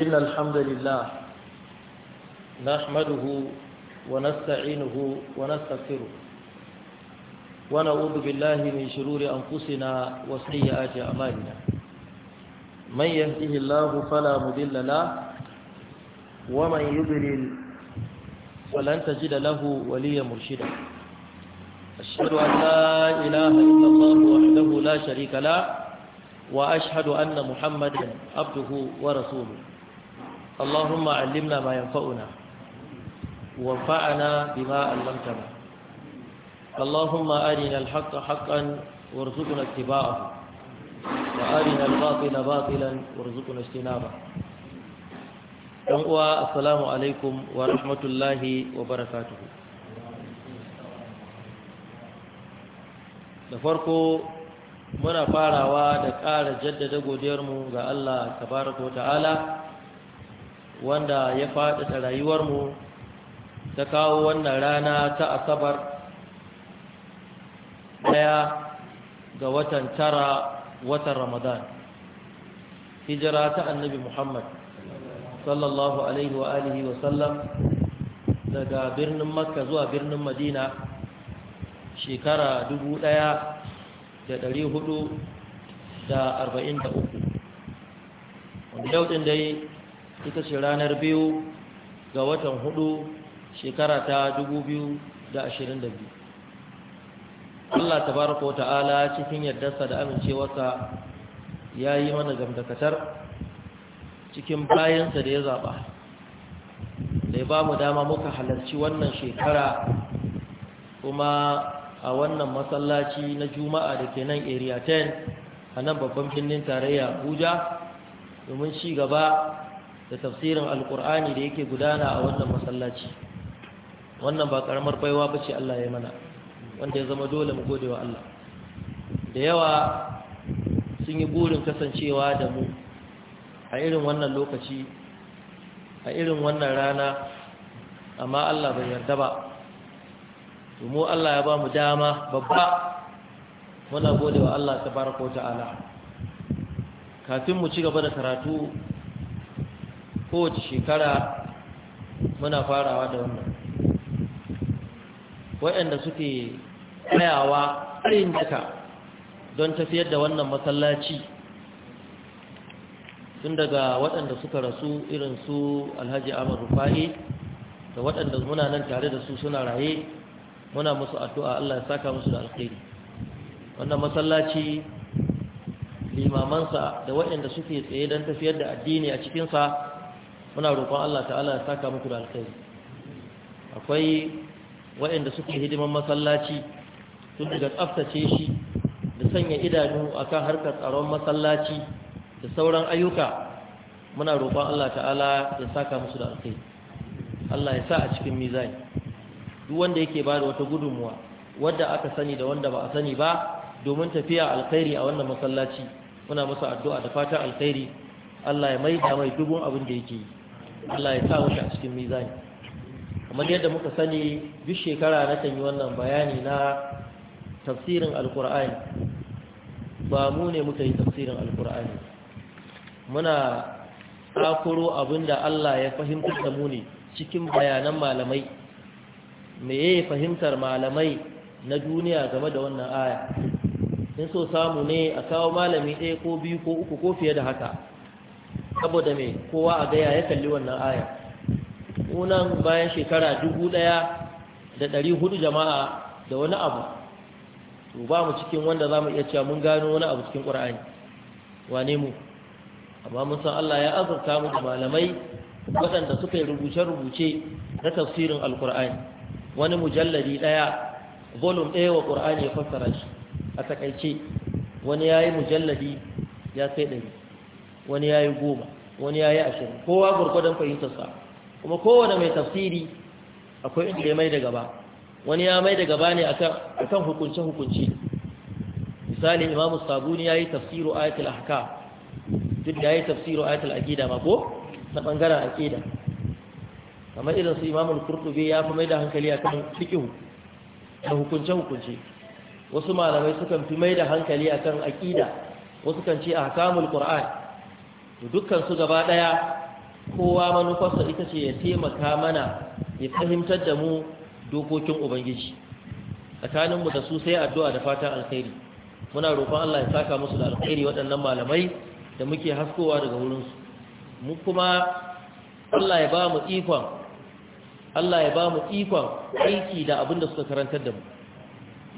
إن الحمد لله نحمده ونستعينه ونستغفره ونعوذ بالله من شرور أنفسنا وسيئات أعمالنا من يهده الله فلا مضل له ومن يضلل فلن تجد له وليا مرشدا أشهد أن لا إله إلا الله وحده لا شريك له وأشهد أن محمدا عبده ورسوله اللهم علمنا ما ينفعنا وانفعنا بما علمتنا اللهم أرنا الحق حقا وارزقنا اتباعه وأرنا الباطل باطلا وارزقنا اجتنابه ɗan'uwa assalamu alaikum wa rahmatullahi wa barakatuhu da farko muna farawa da ƙara jaddada godiyarmu ga Allah tabaraka wa ta'ala wanda ya faɗaɗa rayuwarmu ta kawo wannan rana ta asabar ɗaya ga watan tara watan ramadan hijira ta annabi muhammad sallallahu alaihi wa alihi daga birnin makka zuwa birnin madina shekara dubu ɗaya da ɗari da arba'in da uku wanda yau ɗin dai ita ce ranar biyu ga watan hudu shekara ta da ashirin biyu. Allah tabaraka wa ta'ala cikin yardarsa da amincewarsa ya yi mana gamdakatar cikin bayansa da ya zaɓa da ya ba mu dama muka halarci wannan shekara kuma a wannan masallaci na juma'a da ke nan area 10 a nan babban birnin tarayya abuja domin ci gaba da tafsirin alkur'ani da yake gudana a wannan masallaci wannan ba karamar baiwa ba ce Allah ya mana wanda ya zama dole mu gode wa Allah da yawa sun yi burin kasancewa da mu a irin wannan lokaci a irin wannan rana amma Allah bai yarda ba mu Allah ya ba mu dama babba muna gode wa Allah tabaraka wa ta'ala kafin mu ci gaba da karatu kowace shekara muna farawa da wannan waɗanda suke tsayawa ƙarin daka don tafiyar da wannan masallaci tun daga waɗanda suka rasu irin su alhaji amur rufa'i da waɗanda muna nan tare da su suna raye muna musu addu'a Allah ya saka musu da alkhairi wannan masallaci limamansa da waɗanda suke tsaye don tafiyar da addini a cikinsa muna roƙon Allah ta'ala ya saka muku da alkhairi akwai waɗanda suke hidiman masallaci sun daga tsaftace shi da sanya idanu akan harkar tsaron masallaci da sauran ayyuka muna roƙon Allah ta'ala ya saka musu da alkhairi Allah ya sa a cikin mizani duk wanda yake da wata gudunmuwa wadda aka sani da wanda ba a sani ba domin tafiya alkhairi a wannan masallaci muna masa addu'a da fatan alkhairi Allah ya maida mai dubun abin da yake yi Allah ya sa shi a cikin mizani kamar yadda muka sani duk shekara na kan yi wannan bayani na tafsirin alkur'ani ba mu ne muka yi tafsirin alkur'ani muna takuro abinda Allah ya fahimtar da mu ne cikin bayanan malamai Me meye fahimtar malamai na duniya game da wannan aya in so samu ne a kawo malami ɗaya ko biyu ko uku ko fiye da haka saboda mai kowa a gaya ya kalli wannan aya unan bayan shekara dubu ɗaya da ɗari hudu jama'a da wani abu to ba mu cikin wanda za mu iya cewa mun gano wani abu cikin ƙura'ani wane mu amma mun san Allah ya azurta mu da malamai waɗanda suka yi rubuce-rubuce na tafsirin alƙura'ani wani mujalladi ɗaya volum ɗaya wa ƙura'ani ya fassara shi a taƙaice wani ya yi mujalladi ya sai ɗari wani ya yi goma wani ya yi ashirin kowa gwargwadon fahimtarsa kuma kowane mai tafsiri akwai inda ya mai da gaba wani ya mai da gaba ne a kan hukunce-hukunce misali imamu sabuni ya yi tafsiru ayatul ahka duk da ya yi tafsiru ayatul akida ma ko na ɓangaren akida kamar irin su imamul kurtube ya fi mai da hankali a kan fikihu na hukunce-hukunce wasu malamai sukan fi mai da hankali a kan akida wasu kan ce a hakamul ƙura'an dukkan su gaba ɗaya, kowa manufarsa ita ce ya taimaka mana ya fahimtar da mu dokokin ubangiji tsakaninmu da su sai addu'a da fatan alkhairi muna roƙon Allah ya saka musu da alkhairi waɗannan malamai da muke haskowa daga wurinsu mu kuma Allah ya ba mu ikon Allah ya ba mu ikon aiki da abin da suka karantar da mu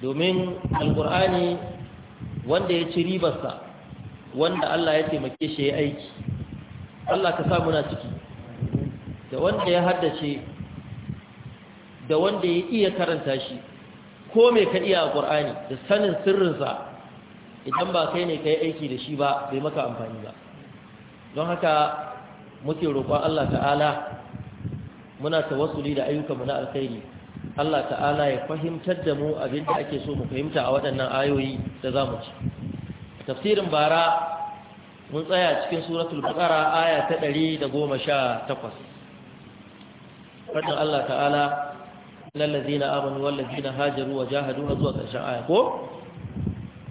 domin alkur'ani wanda ya ci ribarsa wanda Allah ya taimake shi ya aiki Allah ka sa muna ciki da wanda ya haddace da wanda ya iya karanta shi ko mai ka iya ƙwar'ani da sanin sirrinsa idan ba kai ne ka yi aiki da shi ba bai maka amfani ba don haka muke roƙon Allah ta'ala muna tawassuli da ayyukanmu na alkhairi Allah ta'ala ya fahimtar da mu abin da ake so mu fahimta a waɗannan ayoyi da za mu ci tafsirin bara mun tsaya cikin suratul baqara aya ta 118 fadin Allah ta'ala na amanu wallazina hajaru wajahadu zuwa ƙarshen aya ko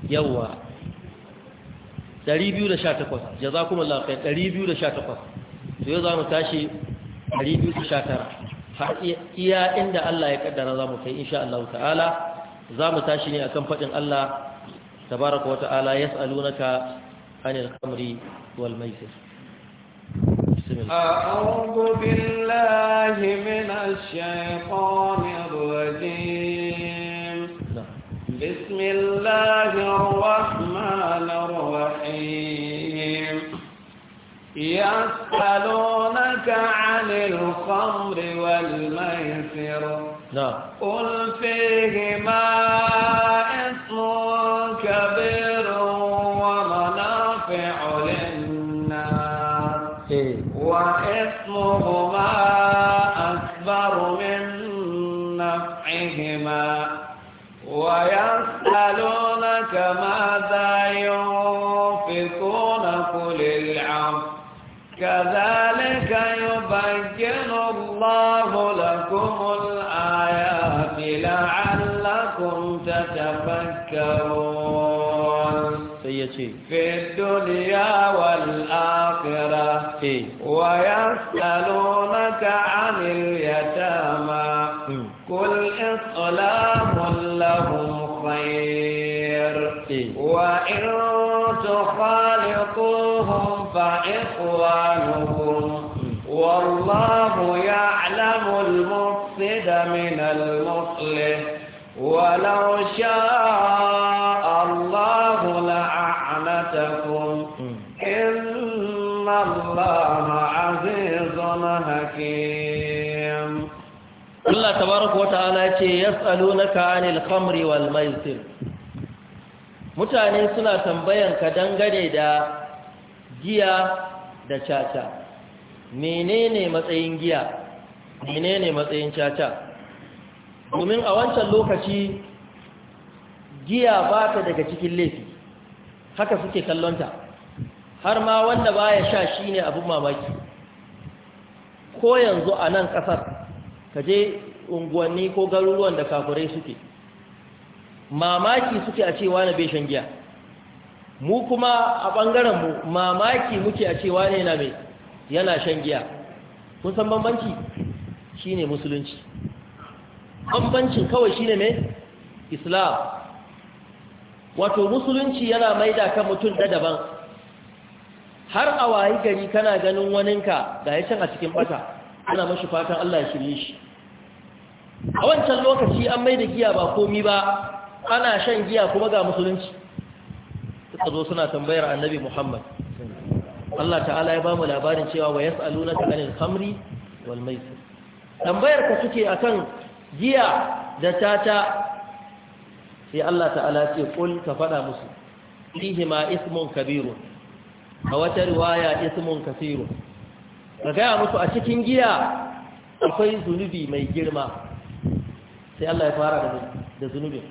yawa 218 jazakumullahu khair 218 to yau mu tashi 219 har iya inda Allah ya kaddara zamu kai insha Allah ta'ala za mu tashi ne akan fadin Allah تبارك وتعالى يسألونك عن الخمر والميسر أعوذ بالله من الشيطان الرجيم نعم. بسم الله الرحمن الرحيم يسألونك عن الخمر والميسر نعم. قل فيهما اسم تذكرون في الدنيا والآخرة إيه. ويسألونك عن اليتامى قل إصلاح لهم خير إيه. وإن تخالقوهم فإخوانهم والله يعلم المفسد من المصلح ولو شاء الله عزيز حكيم الله تبارك وتعالى يسألونك عن mutane suna tambayanka dangane da giya da caca menene matsayin giya menene matsayin caca domin a wancan lokaci giya ba daga cikin laifi haka suke kallonta har ma wanda baya sha shine abin mamaki ko yanzu a nan ka kaje unguwanni ko garuruwan da kafurai suke mamaki suke a cewa na beshen shan giya mu kuma a ɓangaren mu mamaki muke a cewa ne na mai yana shan giya kun san bambanci shi ne musulunci bambancin kawai shine mai islam wato musulunci yana maida kan mutum da daban har a wayi gari kana ganin waninka ga ya can a cikin bata ana mashi fatan Allah ya shirye shi a wancan lokaci an mai da giya ba komi ba ana shan giya kuma ga musulunci suka zo suna tambayar annabi Muhammad Allah ta'ala ya ba mu labarin cewa wa ta anil khamri wal maisir tambayar ka suke akan giya da tata sai Allah ta'ala ce kul ka fada musu fihima ismun kabirun a wata riwaya ismun kasiru ka gaya musu a cikin giya akwai zunubi mai girma sai Allah ya fara da zunubin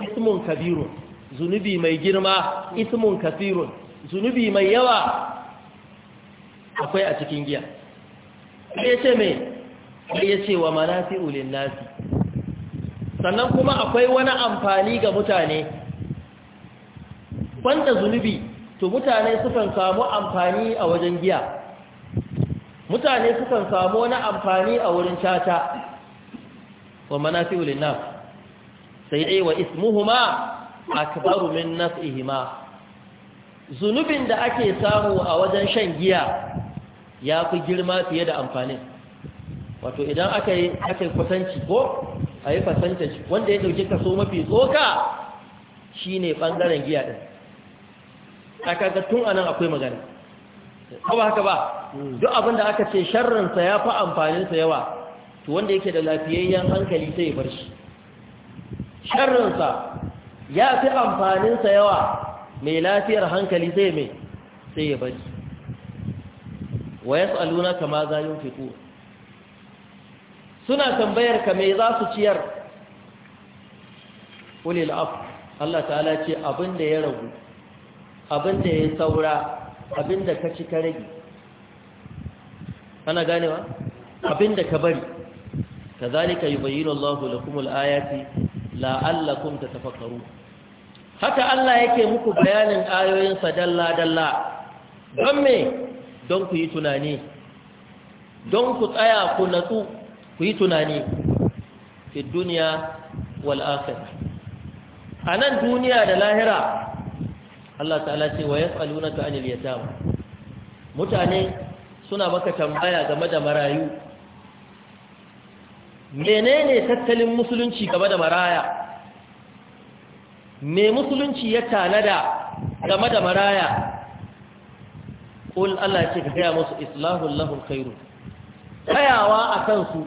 ismun kabirun zunubi mai girma ismun kasirun zunubi mai yawa akwai a cikin giya sai ya ce mai sai ya ce wa ulin nasi sannan kuma akwai wani amfani ga mutane banda zunubi to mutane sukan samu amfani a wajen giya mutane sukan samu wani amfani a wurin caca wa manafi'u linnas sai dai wa ismuhuma akbaru min naf'ihima zunubin da ake samu a wajen shan giya ya fi girma fiye da amfanin wato idan aka yi aka kwatanci ko a yi kwatanci wanda ya dauki kaso mafi tsoka shine bangaren giya din a kaga tun anan akwai magana ba haka ba hmm. duk abin da aka ce sharrinsa ya fi amfaninsa yawa to wanda yake da lafiyayyen hankali sai ya bar shi sharrinsa ya fi amfaninsa yawa mai lafiyar hankali sai mai sai ya bari wa ya tsaluna kama za yin fiko suna tambayar ka mai za su ciyar ƙulil af Allah ta'ala ce abin da ya ragu abin da ya saura abin da ka ci ka rage ana ganewa abin da ka bari kazalika yubayyinu Allahu lakum al-ayati ta tatafakkarun haka Allah yake muku bayanin ayoyinsa dalla dalla don me don ku yi tunani don ku tsaya ku natsu ku yi tunani fi duniya wal A nan duniya da lahira Allah ta'ala ce wa yas'alunaka anil yatama mutane suna maka tambaya game da marayu menene tattalin musulunci game da maraya me musulunci ya tanada game da maraya ƙul Allah ce ka gaya musu islahun lahun kairu tsayawa a kansu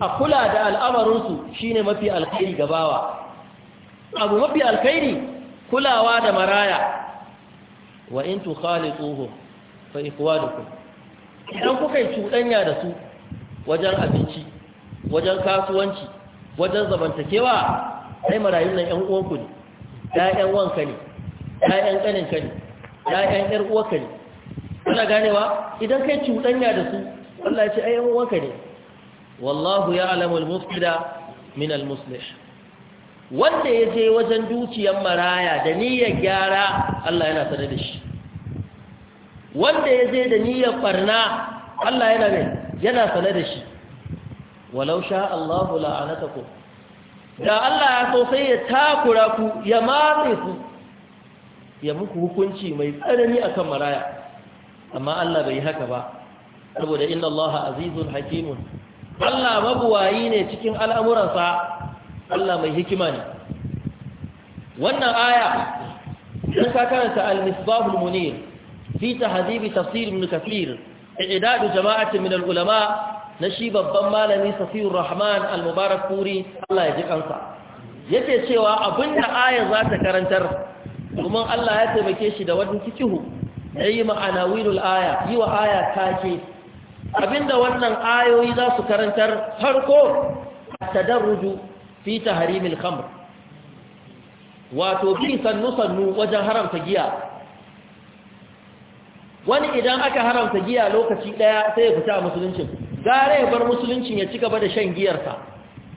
a kula da al'amarinsu shi ne mafi alkhairi gabawa abu mafi alkhairi kulawa da maraya wa in tukhalituhu fa ikhwanukum idan kuka yi cuɗanya da su wajen abinci wajen kasuwanci wajen zamantakewa sai marayun nan ƴan uwanku ne ƴaƴan wanka ne ƴaƴan ƙaninka ne ƴaƴan ƴar uwarka ne kana ganewa idan kai cuɗanya da su Allah ya ce ai uwanka ne wallahu ya'lamul mufsida min al-muslih wanda ya je wajen dukiyar maraya da niyyar gyara Allah yana sanar da shi wanda ya je da niyyar barna Allah yana ne yana sanar da shi walau sha Allahu la'anatakum da Allah ya so sai ya takura ku ya matse ku ya muku hukunci mai tsanani akan maraya amma Allah bai haka ba saboda inna Allah azizun hakimun Allah mabuwayi ne cikin al'amuransa Allah mai hikima ne wannan aya dan ka karanta al-misbahul munir fi tahdhib tafsir ibn kathir i'dad jama'atin min al-ulama na shi babban malami safiyur rahman al-mubarak puri Allah ya ji kansa yake cewa abinda aya za ta karantar kuma Allah ya taimake shi da wannan fikihu yi ma'anawilul aya yi wa aya take abinda wannan ayoyi za su karantar farko tadarruju fi harimil khamr wato bin sannu sannu wajen haramta giya wani idan aka haramta giya lokaci ɗaya sai ya fita a musuluncin gare ya bar musuluncin ya ci gaba da shan giyarsa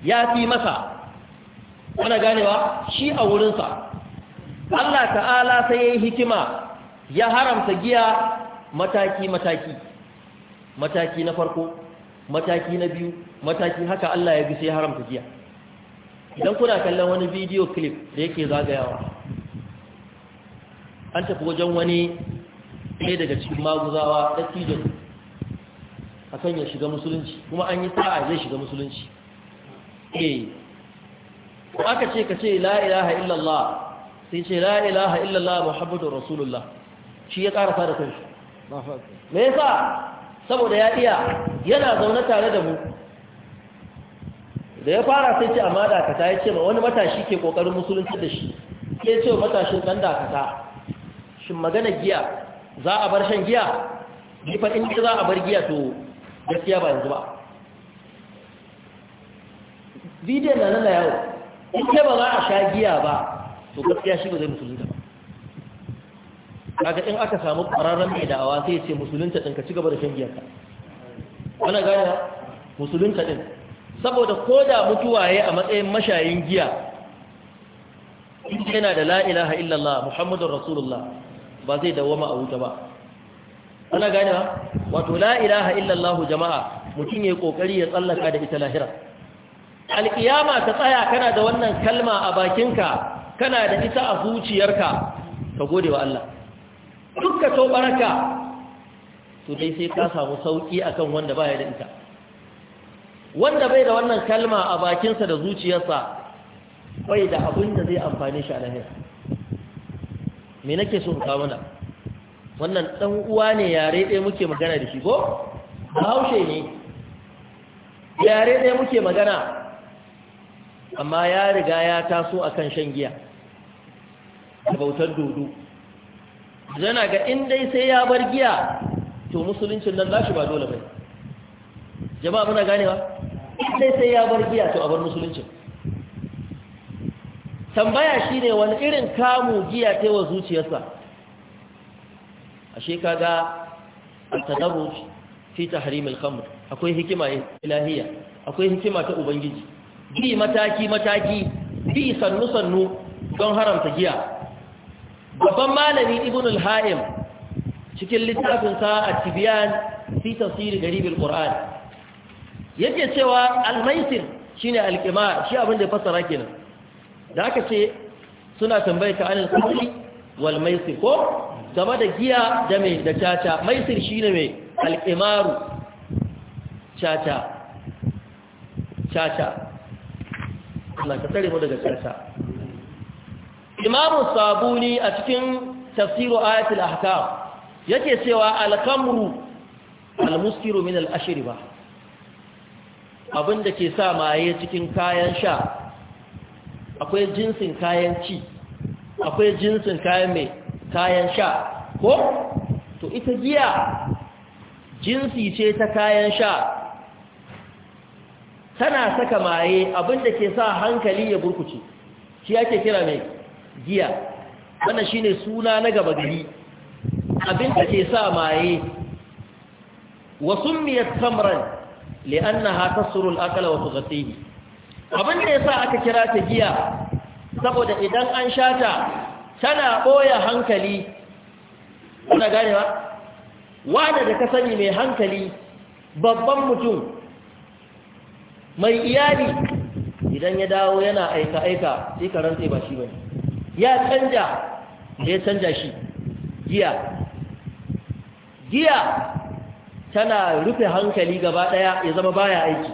ya fi masa wani ganewa shi a wurinsa Allah ta'ala sai ya yi hikima ya haramta giya mataki-mataki mataki na farko mataki na biyu mataki haka Allah ya bi sai haramta giya idan kuna kallon wani video clip da yake zagayawa an tafi wajen wani ɗaya daga cikin maguzawa dattijan a kan ya shiga musulunci kuma an yi sa'a zai shiga musulunci eh ko aka ce ka ce la ilaha illallah sai ce la ilaha illallah muhammadur rasulullah shi ya karasa da kanshi me sa saboda ya iya yana zaune tare da mu da ya fara sai ce amma dakata ya ce ma wani matashi ke kokarin musulunci da shi ke ce matashin dan dakata shin magana giya za a bar shan giya ni fa in za a bar giya to gaskiya ba yanzu ba bidiyon na nan da yawo in ke ba za a sha giya ba to gaskiya shi ba zai musulunta ba kaga in aka samu ƙwararren mai da'awa sai ya ce musulunta ɗin ka ci gaba da shan giyarka wani gane musulunta ɗin saboda ko da mutuwa ya a matsayin mashayin giya yana da la'ilaha illallah muhammadun rasulullah ba zai dawama a wuta ba ana gane ba wato la'ilaha illallah jama'a mutum ya ƙoƙari ya tsallaka da ita lahira alƙiyama ta tsaya kana da wannan kalma a bakinka kana da ita a zuciyarka ka gode wa Allah duk ka to baraka to dai sai ka samu sauki akan wanda baya da ita wanda bai da wannan kalma a bakinsa da zuciyarsa bai da abin da zai amfani shi a lahira me nake so in kawo mana wannan dan uwa ne yare ɗaya muke magana da shi ko haushe ne yare ɗaya muke magana amma ya riga ya taso akan shan giya da bautar dodo zana ga in dai sai ya bar giya to musuluncin nan nashi ba dole bai jama'a muna ganewa sai sai ya bar giya to a bar musulunci tambaya shine wani irin kamu giya ta wa zuciyarsa ashe kaga at-tadarruj fi tahrim al-khamr akwai hikima ilahiya akwai hikima ta ubangiji bi mataki mataki bi sannu sannu don haramta giya babban malami ibn al-haim cikin littafin sa at-tibyan fi tafsir garibil quran yake cewa shi shine alqimar shi abin da ya fassara kenan da aka ce suna tambaye ka anil khamri wal maisir ko game da giya da mai da caca maisir shine mai alqimaru caca caca Allah ka tare mu daga caca imamu sabuni a cikin tafsiru ayatul ahkam yake cewa al-khamru al-muskiru min al-ashriba abin da ke sa maye cikin kayan sha akwai jinsin kayan ci akwai jinsin kayan mai kayan sha ko to ita giya jinsi ce ta kayan sha tana saka maye abin da ke sa hankali ya burkuce shi ake kira mai giya wannan shine suna na gaba gari abin da ke sa maye wasu summiyat tamran li'annaha tasrul akala wa tughtihi abin da yasa aka kira ta giya saboda idan an shata tana boya hankali kuna ganewa wanda da ka sani mai hankali babban mutum mai iyali idan ya dawo yana aika aika sai ka rantse ba shi bane ya canja ya canja shi giya giya tana rufe hankali gaba daya ya zama baya aiki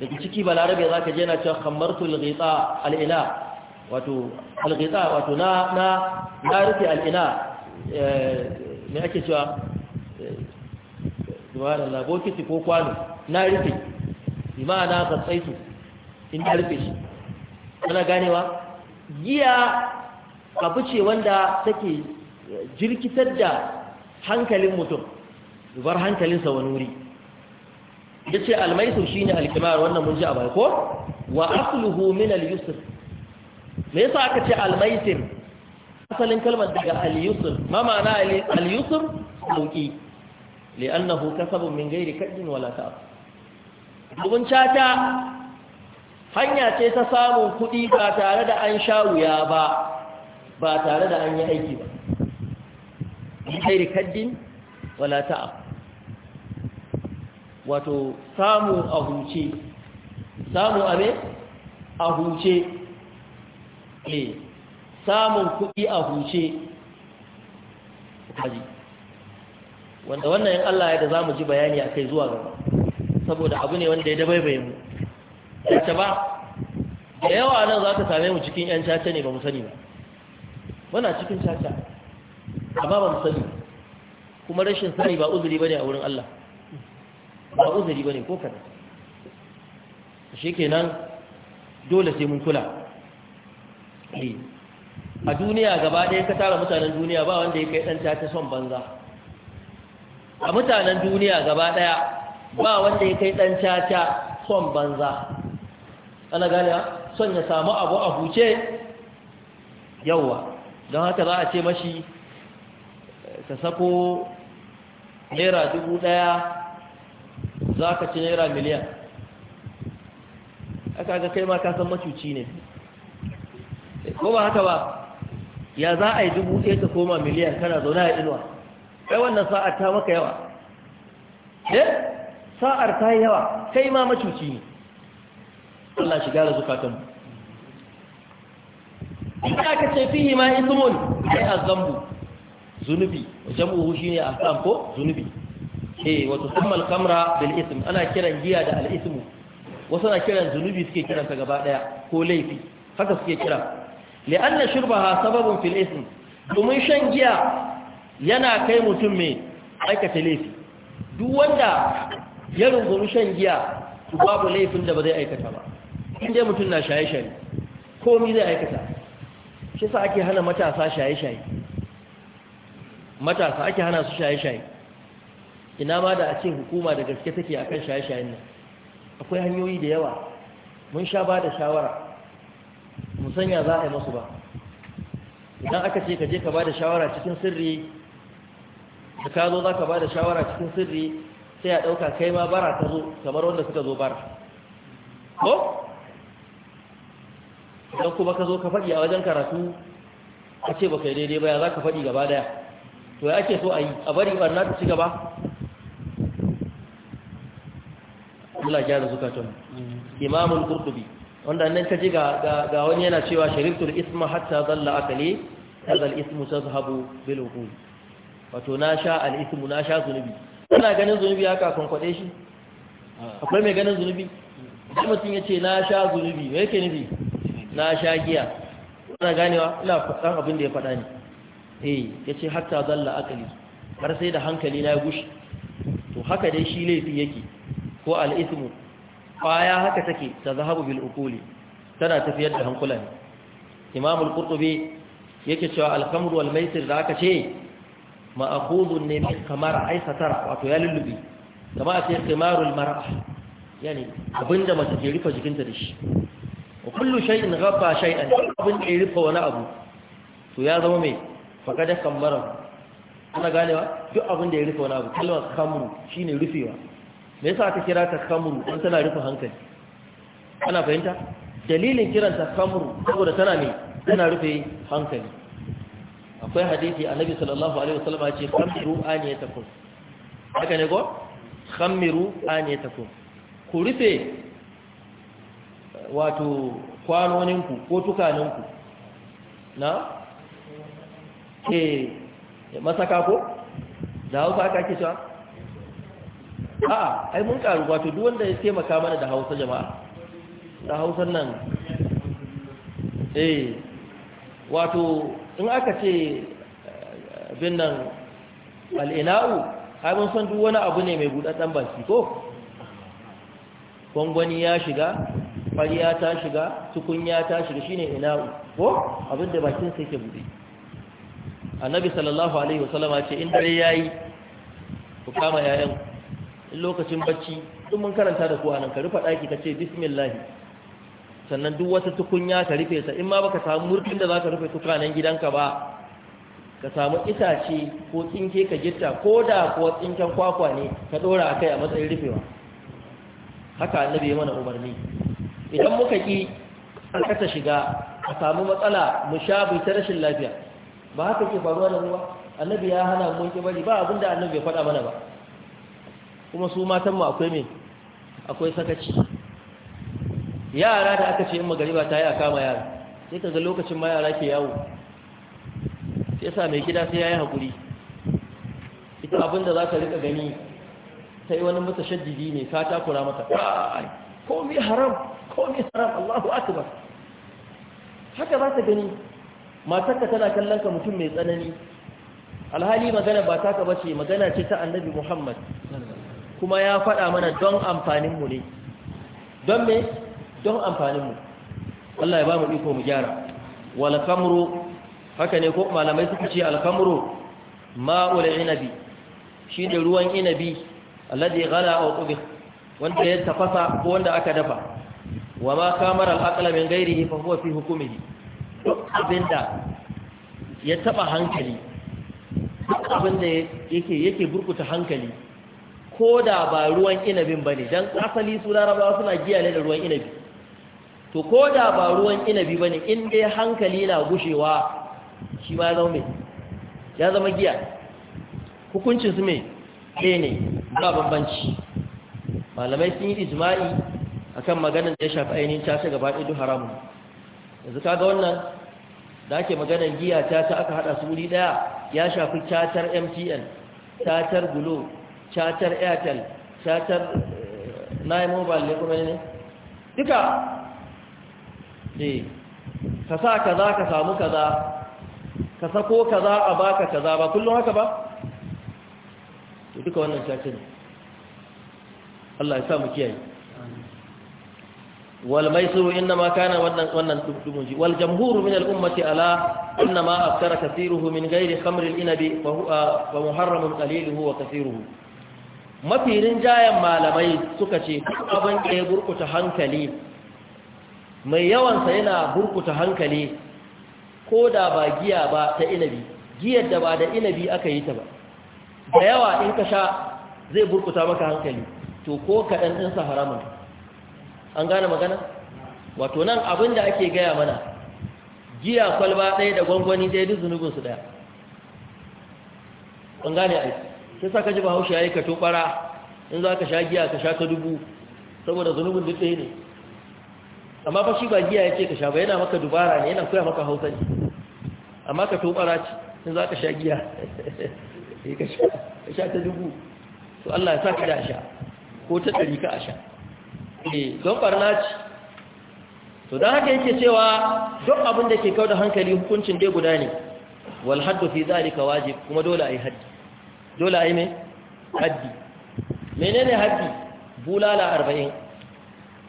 daga ciki balarabe za ka je na cewa kammartu al-ghita al-ina wato al-ghita wato na na na rufe al-ina eh, me ake cewa eh, subhanallah bokiti ko kwano na rufe Imana na su, in na rufe shi kana ganewa giya ka ce wanda take jirkitar da hankalin mutum bar hankalinsa wani wuri ya ce almaisu shi ne alkimar wannan mun ji a baiko wa asluhu min al-yusuf me yasa aka ce almaisir asalin kalmar daga al-yusuf ma ma'ana al-yusuf sauki li'annahu kasabun min ghairi kaddin wala ta'ab dubun chata hanya ce ta samun kuɗi ba tare da an sha wuya ba ba tare da an yi aiki ba ghairi kaddin wala ta'ab wato samu a huce samu a me a huce ne eh, samun kuɗi a huce kaji wanda wannan yin Allah ya da za mu ji bayani a kai zuwa gaba saboda abu ne wanda ya dabaibaye mu yace ba da yawa nan za ka same mu cikin 'yan caca ne ba mu sani ba muna cikin caca amma ba mu sani kuma rashin sani ba uzuri ba ne a wurin Allah ba uzuri bane ko kada shikenan dole sai mun kula eh, a duniya gaba ɗaya ka tara mutanen duniya ba wanda ya kai ɗan ta son banza a mutanen duniya gaba ɗaya ba wanda ya kai ɗan ta son banza ana gane son ya samu abu a huce yawa don haka za a ce mashi eh, ka sako naira dubu ɗaya za ka ci naira miliyan aka ga kai ma ka san macuci ne ko ba haka ba ya za a yi dubu ɗaya ka koma miliyan kana zaune a inuwa kai wannan sa'ar ta maka yawa Ne. Eh? sa'ar ta yi yawa kai ma macuci ne Allah shiga gara zukatan in aka ce fihi ma Kai a Zambu? zunubi jam'uhu shine a ko zunubi eh wato sammal kamra bil ism ana kiran giya da al ismu wasu na kiran zunubi suke kiran ta gaba daya ko laifi haka suke kira li'anna shurbaha sababun fil ism domin shan giya yana kai mutum mai aikata laifi duk wanda ya rungumi shan giya babu laifin da ba zai aikata ba inda mutum na shaye-shaye komi zai aikata shi sa ake hana matasa shaye-shaye matasa ake hana su shaye-shaye ina ma da a ce hukuma da gaske take akan shaye-shayen nan akwai hanyoyi da yawa mun sha ba da shawara musanya za a yi masu ba idan aka ce ka je ka ba da shawara cikin sirri da ka zo za ka ba da shawara cikin sirri sai a ɗauka kai ma bara ta zo kamar wanda suka zo bara ko idan kuma ka zo ka faɗi a wajen karatu a ce ba kai daidai ba ya za ka faɗi gaba daya to ya ake so a yi a bari ɓarna ta ci gaba Allah gyara zukatun imamun kurtubi wanda nan kaji ga ga wani yana cewa sharibtul isma hatta dalla akali kaza al ismu tazhabu bil uqul wato na sha al ismu na sha zunubi kana ganin zunubi haka kun kwade shi akwai mai ganin zunubi idan mutum ya ce na sha zunubi me yake nufi na sha giya kana ganewa ina fadan abin da ya faɗa ne eh ya ce hatta dalla akali har sai da hankali na gushi to haka dai shi laifi yake ko al'ismu kwaya haka take ta zahabu bilukuli? tana tafiyar da hankula ne imamul qurtubi yake cewa al maisir da aka ce ma'khudun ne min kamar aisatara wato ya lullubi kama a ce khimarul mar'a yani da mace ke rufe jikinta da shi wa kullu shay'in ghabba shay'an abin da ya rufe wani abu to ya zama mai fakada kamara ana ganewa duk abin da ya rufe wani abu kalmar shi ne rufewa me yasa aka kira ta khamru don tana rufe hankali ana fahimta dalilin kiranta khamru saboda tana ne tana rufe hankali akwai hadisi annabi sallallahu alaihi wasallam ya ce ya tako haka ne ko ya tako ku rufe wato kwanoninku ko tukaninku na ke eh, masaka ko da hausa aka kisa a'a ai mun karu wato duk wanda ya taimaka mana da hausa jama'a da hausan nan eh wato in aka ce eh, bin nan al'ina'u ai mun san duk wani abu ne mai buɗaɗɗen baki ko gwangwani ya shiga fariya ta shiga tukunya ta shiga shine ina'u ko abinda bakin sai ke buɗe annabi sallallahu alaihi wasallama ce in dare yayi ku kama yayanku lokacin bacci duk mun karanta da kuwa nan ka rufe daki ka ce bismillah sannan duk wata tukunya ka rufe ta in ma baka samu murfin da zaka rufe tukanan gidanka ba ka samu itace ko tsinke ka gitta ko da ko tsinken kwakwa ne ka dora akai a matsayin rufewa haka annabi ya mana umarni idan muka ki karkata shiga a samu matsala mu sha bi ta rashin lafiya ba haka ke faruwa da ruwa annabi ya hana mu ki bari ba abinda annabi ya faɗa mana ba kuma su matanmu akwai me akwai sakaci yara da aka ce in magariba ta yi a kama yara sai ka ga lokacin ma yara ke yawo sai sa mai gida sai ya yi haƙuri ita abin da za ka rika gani ta yi wani mata shaddidi ne ka takura mata komi haram komi haram allahu akbar haka za ta gani matarka tana kallon ka mutum mai tsanani alhali magana ba taka bace magana ce ta annabi muhammad kuma ya faɗa mana don amfaninmu ne don me don amfaninmu Allah ya ba mu iko mu gyara wal kamru haka ne ko malamai suka ce al kamru ma'ul inabi ne ruwan inabi alladhi ghala aw tubikh wanda ya tafasa ko wanda aka dafa wa ma kamara al aqla min ghairihi fa huwa fi hukmihi duk abinda ya taba hankali duk abinda yake yake burkuta hankali ko da ba ruwan inabin ba ne don asali su larabawa suna giya ne da ruwan inabi to ko da ba ruwan inabi ba ne in dai hankali na gushewa shi ma zama mai ya zama giya hukuncin su mai ɗaya ne ba bambanci malamai sun yi a akan maganar da ya shafi ainihin ta gaba ɗaya duk haramun yanzu kaga wannan da ake maganar giya ta aka haɗa su wuri ɗaya ya shafi catar mtn catar gulo chatar airtel chatar eh, na'i mobile ne kuma ne duka eh ka sa kaza ka samu kaza ka sako kaza a baka kaza ba kullum haka ba to duka wannan chatin Allah ya sa mu kiyaye wal maisuru inma kana wannan wannan ji. wal jamhur min al ummati ala inma aftara kathiruhu min ghairi khamr al inabi fa huwa ah, muharram qaliluhu wa kathiruhu Mafirin jayen malamai suka ce abin da ya burkuta hankali mai yawansa yana burkuta hankali ko da ba giya ba ta inabi giyar da ba da inabi aka yi ta ba da yawa in ka sha zai burkuta maka hankali to ko kaɗan sa haramun an gane magana wato nan abin da ake gaya mana giya kwalba ɗaya da gwangwani ɗaya duk zunubinsu ɗaya an gane aiki sai sa ka ji bahaushe ya yi ka tobara in za ka sha giya ka sha ta dubu saboda zunubin duk ɗaya ne amma fa shi ba giya ya ce ka sha ba yana maka dubara ne yana koya maka hausa ne amma ka tobara ce in za ka sha giya ka sha ta dubu to Allah ya sa ka da sha ko ta ɗari ka a sha eh, don ɓarna ce to don haka yake cewa duk abin da ke kawo da hankali hukuncin dai guda ne wal haddu fi zalika wajib kuma dole a yi haddi dole a yi mai haddi menene haddi bulala arba'in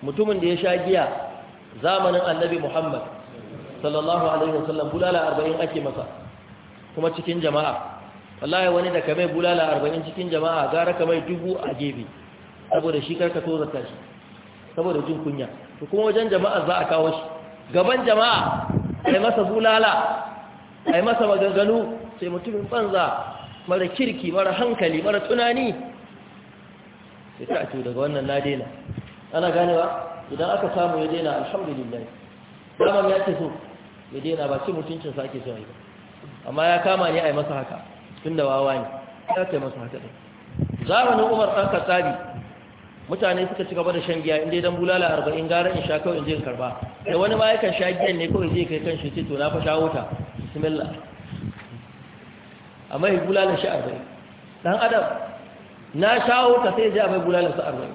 mutumin da ya sha giya zamanin annabi muhammad sallallahu alaihi wasallam bulala arba'in ake masa kuma cikin jama'a wallahi wani da kamai bulala arba'in cikin jama'a gara kamai dubu a gefe saboda shi karka tozarta shi saboda jin kunya to kuma wajen jama'a za a kawo shi gaban jama'a ai masa bulala ai masa maganganu sai mutumin banza mara kirki mara hankali mara tunani sai ta ce daga wannan na daina ana ganewa idan aka samu ya daina alhamdulillah daman ya ce so ya daina ba ce mutuncin sa ake so ai amma ya kama ne ai masa haka tun da wawa ne ya ce masa haka din zamanin Umar dan Khattabi mutane suka ci gaba da shan giya inda dan bulala 40 gara in sha kawai in je karba da wani ma yakan sha giyan ne kawai zai kai kan shi ce to na fa shawo ta bismillah a ya bulalar shi arba'i dan adam na shawo ta sai ya mai bulalar su arba'i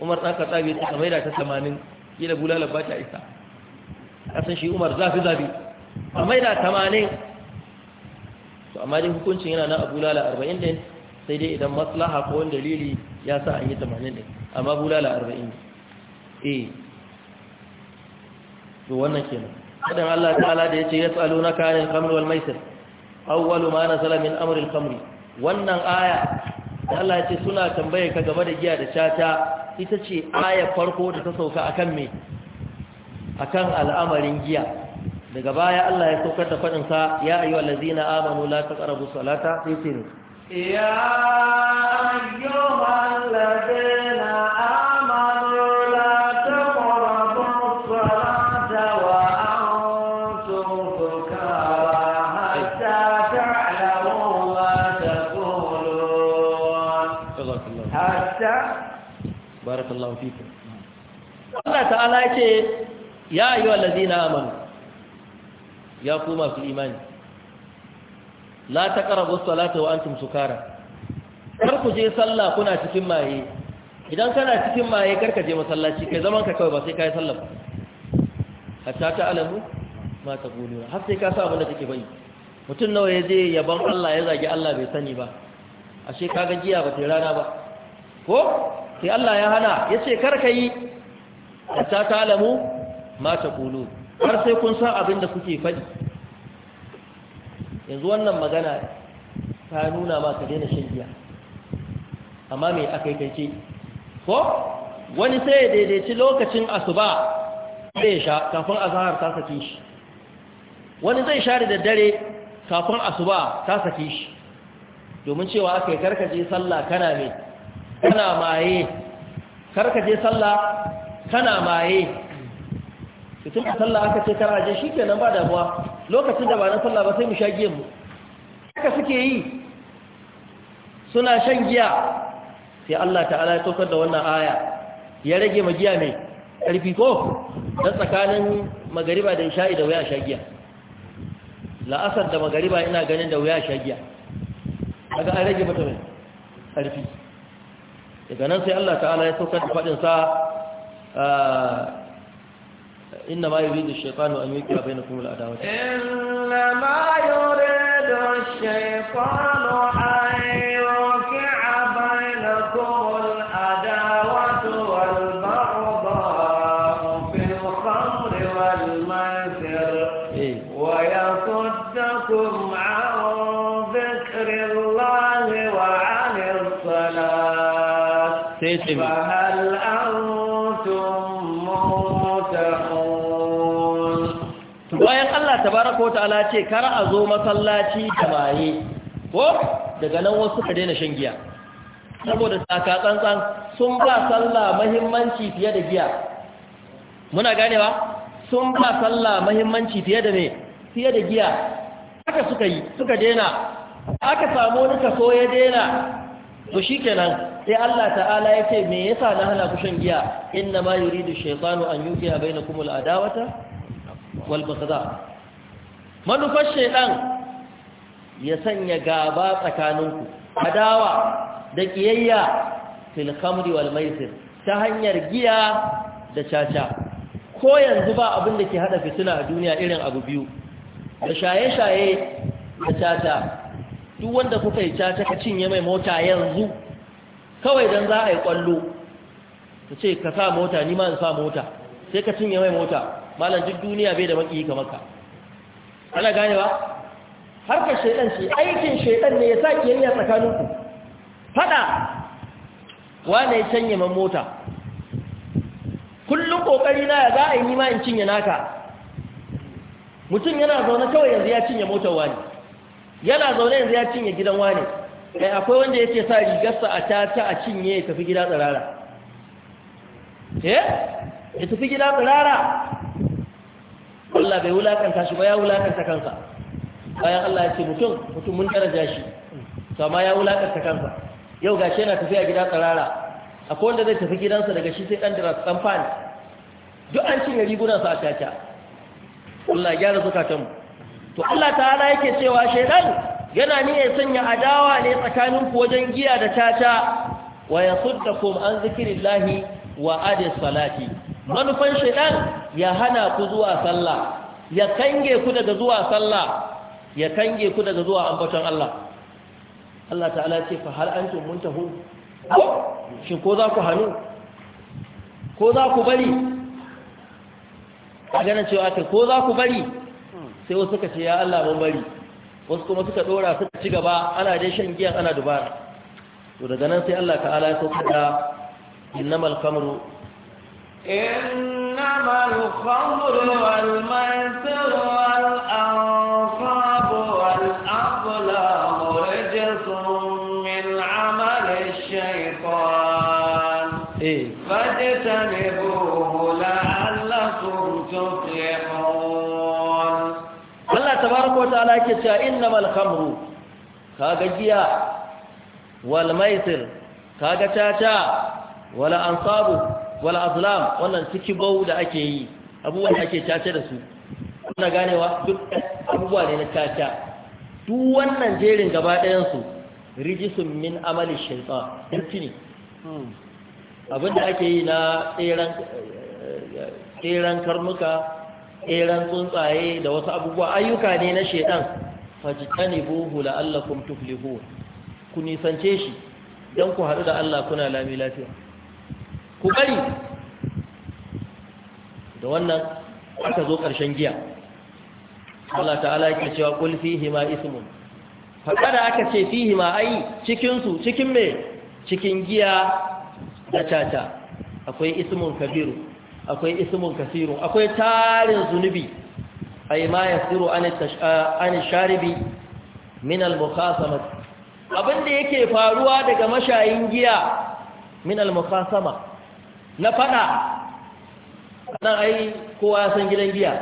umar ɗan ka tsabi ta mai da ta tamanin kila bulalar ba ta isa kasan shi umar zafi zafi a mai da tamanin to amma dai hukuncin yana na a bulala arba'in ɗin sai dai idan maslaha ko wani dalili ya sa an yi tamanin ɗin amma bulala arba'in eh to wannan kenan kadan Allah ta'ala da yace yas'alunaka anil khamr wal maisir awwalu ma nazala min amril khamri wannan aya da Allah ya ce suna tambaye ka game da giya da caca, ita ce aya farko da ta sauka akan me akan al'amarin giya daga baya Allah ya saukar da fadin sa ya ayyuhal ladzina amanu la taqrabu salata sai ce ya ayyuhal ta'ala ce ya yi wa lazina amanu ya ku masu imani la ta wasu salata wa su sukara kar ku je sallah kuna cikin maye idan kana cikin maye kar ka je masallaci kai zaman ka kawai ba sai kai sallah ba a ta alamu ma ta gulu har sai ka sa abin da kake bai mutum nawa ya je yaban Allah ya zagi Allah bai sani ba ashe ka ga jiya ba ta rana ba ko sai Allah ya hana ce kar ka yi hatta ta'lamu ma kulu. har sai kun san abin da kuke faɗi yanzu wannan magana ta nuna ma ka daina shan giya amma me yi kai ce ko wani sai ya daidaici lokacin asuba zai sha kafin azahar ta sake shi wani zai share da dare kafin asuba ta sake shi domin cewa aka yi karkaje sallah kana mai kana maye karkaje sallah tana maye tun a sallah aka ce kar ke nan ba damuwa lokacin da ba na sallah ba sai mu sha giyan mu haka suke yi suna shan giya sai Allah ta'ala ya tokar da wannan aya ya rage ma giya mai ƙarfi ko dan tsakanin magariba da isha'i da waya sha giya la'asar da magariba ina ganin da waya sha giya an rage mata mai ƙarfi daga nan sai Allah ta'ala ya saukar da faɗinsa. inna ma yuri da shekaru an yi kira bainakun wula adawa ce inna ma yuri da shekaru Thank you. tabaraka wa ta'ala ce kar a zo masallaci da maye ko daga nan wasu ka daina shan giya saboda saka tsantsan sun ba sallah muhimmanci fiye da giya muna ganewa sun ba sallah muhimmanci fiye da me fiye da giya haka suka yi suka daina aka samu wani kaso ya daina to shikenan sai Allah ta'ala ya ce me yasa na hana ku shan giya inna ma yuridu shaytanu an yuqiya bainakum al-adawata wal baghdha manufar shaidan ya sanya gaba tsakaninku adawa da kiyayya fil khamri wal maisir ta hanyar giya da caca ko yanzu ba abin da ke hada fitina a duniya irin abu biyu da shaye-shaye da caca duk wanda kuka yi caca ka cinye mai mota yanzu kawai don za a yi kwallo ta ce ka sa mota ni ma in sa mota sai ka cinye mai mota malam duk duniya bai da maki ka maka. ana gane ba harkar shaidan ce aikin shaidan ne ya sa kiyayya tsakaninku fada wane ya canye man mota kullum kokari na ya za a yi nima in cinye naka mutum yana zaune kawai yanzu ya cinye motar wani yana zaune yanzu ya cinye gidan wani kai eh, akwai wanda yake sa rigarsa a tata a cinye ya tafi gida tsirara eh ya tafi gida tsirara Allah bai wulakanta shi ba ya wulakanta kansa bayan Allah ya ce mutum mutum mun daraja shi to amma ya wulakanta kansa yau gashi yana tafiya gida tsarara akwai wanda zai tafi gidansa daga shi sai dan dira dan fan duk an cinye rigunansa a caca Allah gyara zukatanmu to Allah ta'ala yake cewa shaidan yana ya sanya adawa ne tsakaninku wajen giya da caca wa yasuddakum an zikrillahi wa adis salati manufan shaidan ya hana ku zuwa sallah ya kange ku daga zuwa sallah ya kange ku daga zuwa ambaton Allah Allah ta'ala ce fa har antum muntahu shi ko za ku hanu ko za ku bari a ganin cewa ta ko za ku bari sai wasu suka ce ya Allah mun bari wasu kuma suka dora suka ci gaba ana dai shan giyan ana dubara to daga nan sai Allah ta'ala ya sauka da innamal khamru إنما الخمر والميسر والأنصاب والأظلام رجس من عمل الشيطان إيه. فاجتنبوه لعلكم تفلحون الله تبارك وتعالى كتا إنما الخمر كاغجيا والميسر كاغتاتا ولا أنصابه Wala azlam wannan bau da ake yi abubuwan da ake caca da su kuna ganewa duk abubuwa ne na caca duk wannan jerin gaba ɗayan su rijisun min amali shaitan dukki ne abinda ake yi na tseren karnuka tseren tsuntsaye da wasu abubuwa ayyuka ne na shaitan fajitani buhu la'allakum tuflihun ku nisance shi don ku haɗu da Allah kuna lami lafiya ku bari da wannan aka zo ƙarshen giya Allah ta'ala yake cewa kul fihi ma ismun faɗa da aka ce fihi ma ai cikin su cikin me cikin giya da tata akwai ismun kabiru akwai ismun kasiru akwai tarin zunubi ai ma yasiru an sharibi min al-mukhasama abinda yake faruwa daga mashayin giya min al-mukhasama na fada kadan ai kowa ya san gidan giya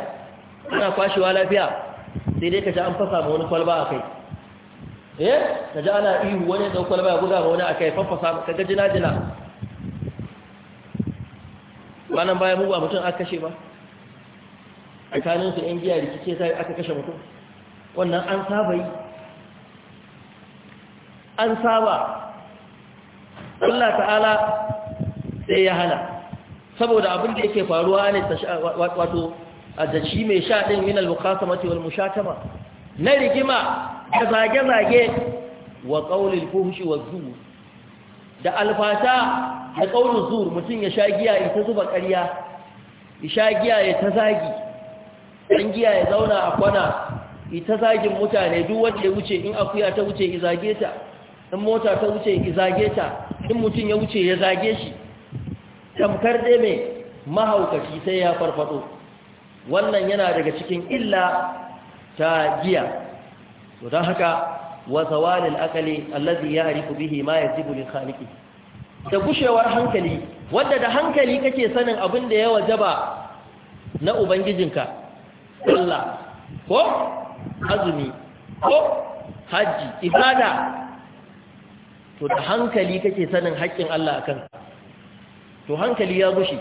ana kwashewa lafiya sai dai ka ji an fasa ma wani kwalba a kai eh ka ji ana ihu wani ɗan kwalba ya guda ma wani a kai faffasa ka ga jina-jina wannan baya mu ba mutum aka kashe ba su 'yan giya rikice sai aka kashe mutum wannan an saba yi an saba Allah ta'ala sai ya hana saboda abin da yake faruwa ne wato da shi mai sha ɗin min al-muqasamati wal mushatama na rigima da zage-zage wa qaulil fuhshi wa zur da alfata da qaulul zur mutum ya sha giya ya ta zuba ƙarya ya sha giya ya ta zagi dan giya ya zauna a kwana ya ta zagin mutane duk wanda ya wuce in akuya ta wuce ya zage ta in mota ta wuce ya zage ta in mutum ya wuce ya zage shi tamkar dai mai mahaukaci sai ya farfado wannan yana daga cikin illa ta giya to don haka wa zawalil akali allazi ya'rifu bihi ma yajibu lil da gushewar hankali Wadda da hankali kake sanin abin da ya wajaba na ubangijinka Allah ko azumi ko Hajji ibada to da hankali kake sanin haƙƙin Allah a akan to hankali ya gushi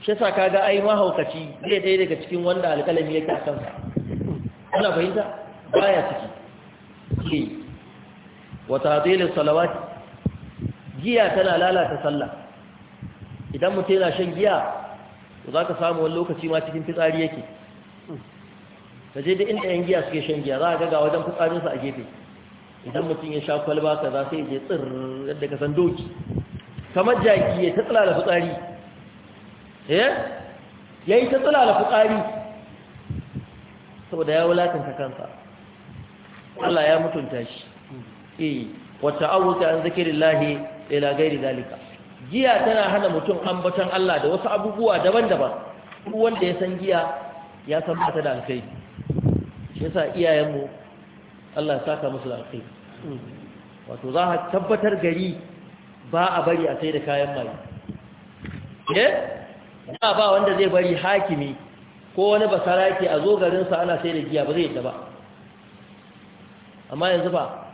shi sa kaga ai mahaukaci zai ɗaya daga cikin wanda alƙalami yake a kansa ana fahimta baya ciki ke wata hatilin salawati giya tana lalata sallah idan mutum yana shan giya to za ka samu wani lokaci ma cikin fitsari yake ka je da inda yan giya suke shan giya za a gaga wajen fitsarinsa a gefe idan mutum ya sha kwalba ka za sai je tsir yadda ka san doki kamar jaki ya ta tsalala fitsari eh? ya yi ta tsalala fitsari saboda ya wulatanta kansa Allah ya mutunta shi eh wata awuta an zikirillahi ila gairi zalika giya tana hana mutum ambaton Allah da wasu abubuwa daban-daban duk wanda ya san giya ya san ba ta da alkai shi yasa iyayenmu Allah ya saka musu da alkai wato za ka tabbatar gari ba a bari a sai da kayan mai eh da ba wanda zai bari hakimi ko wani basaraki a zo garinsa ana sai da giya ba zai yadda ba amma yanzu ba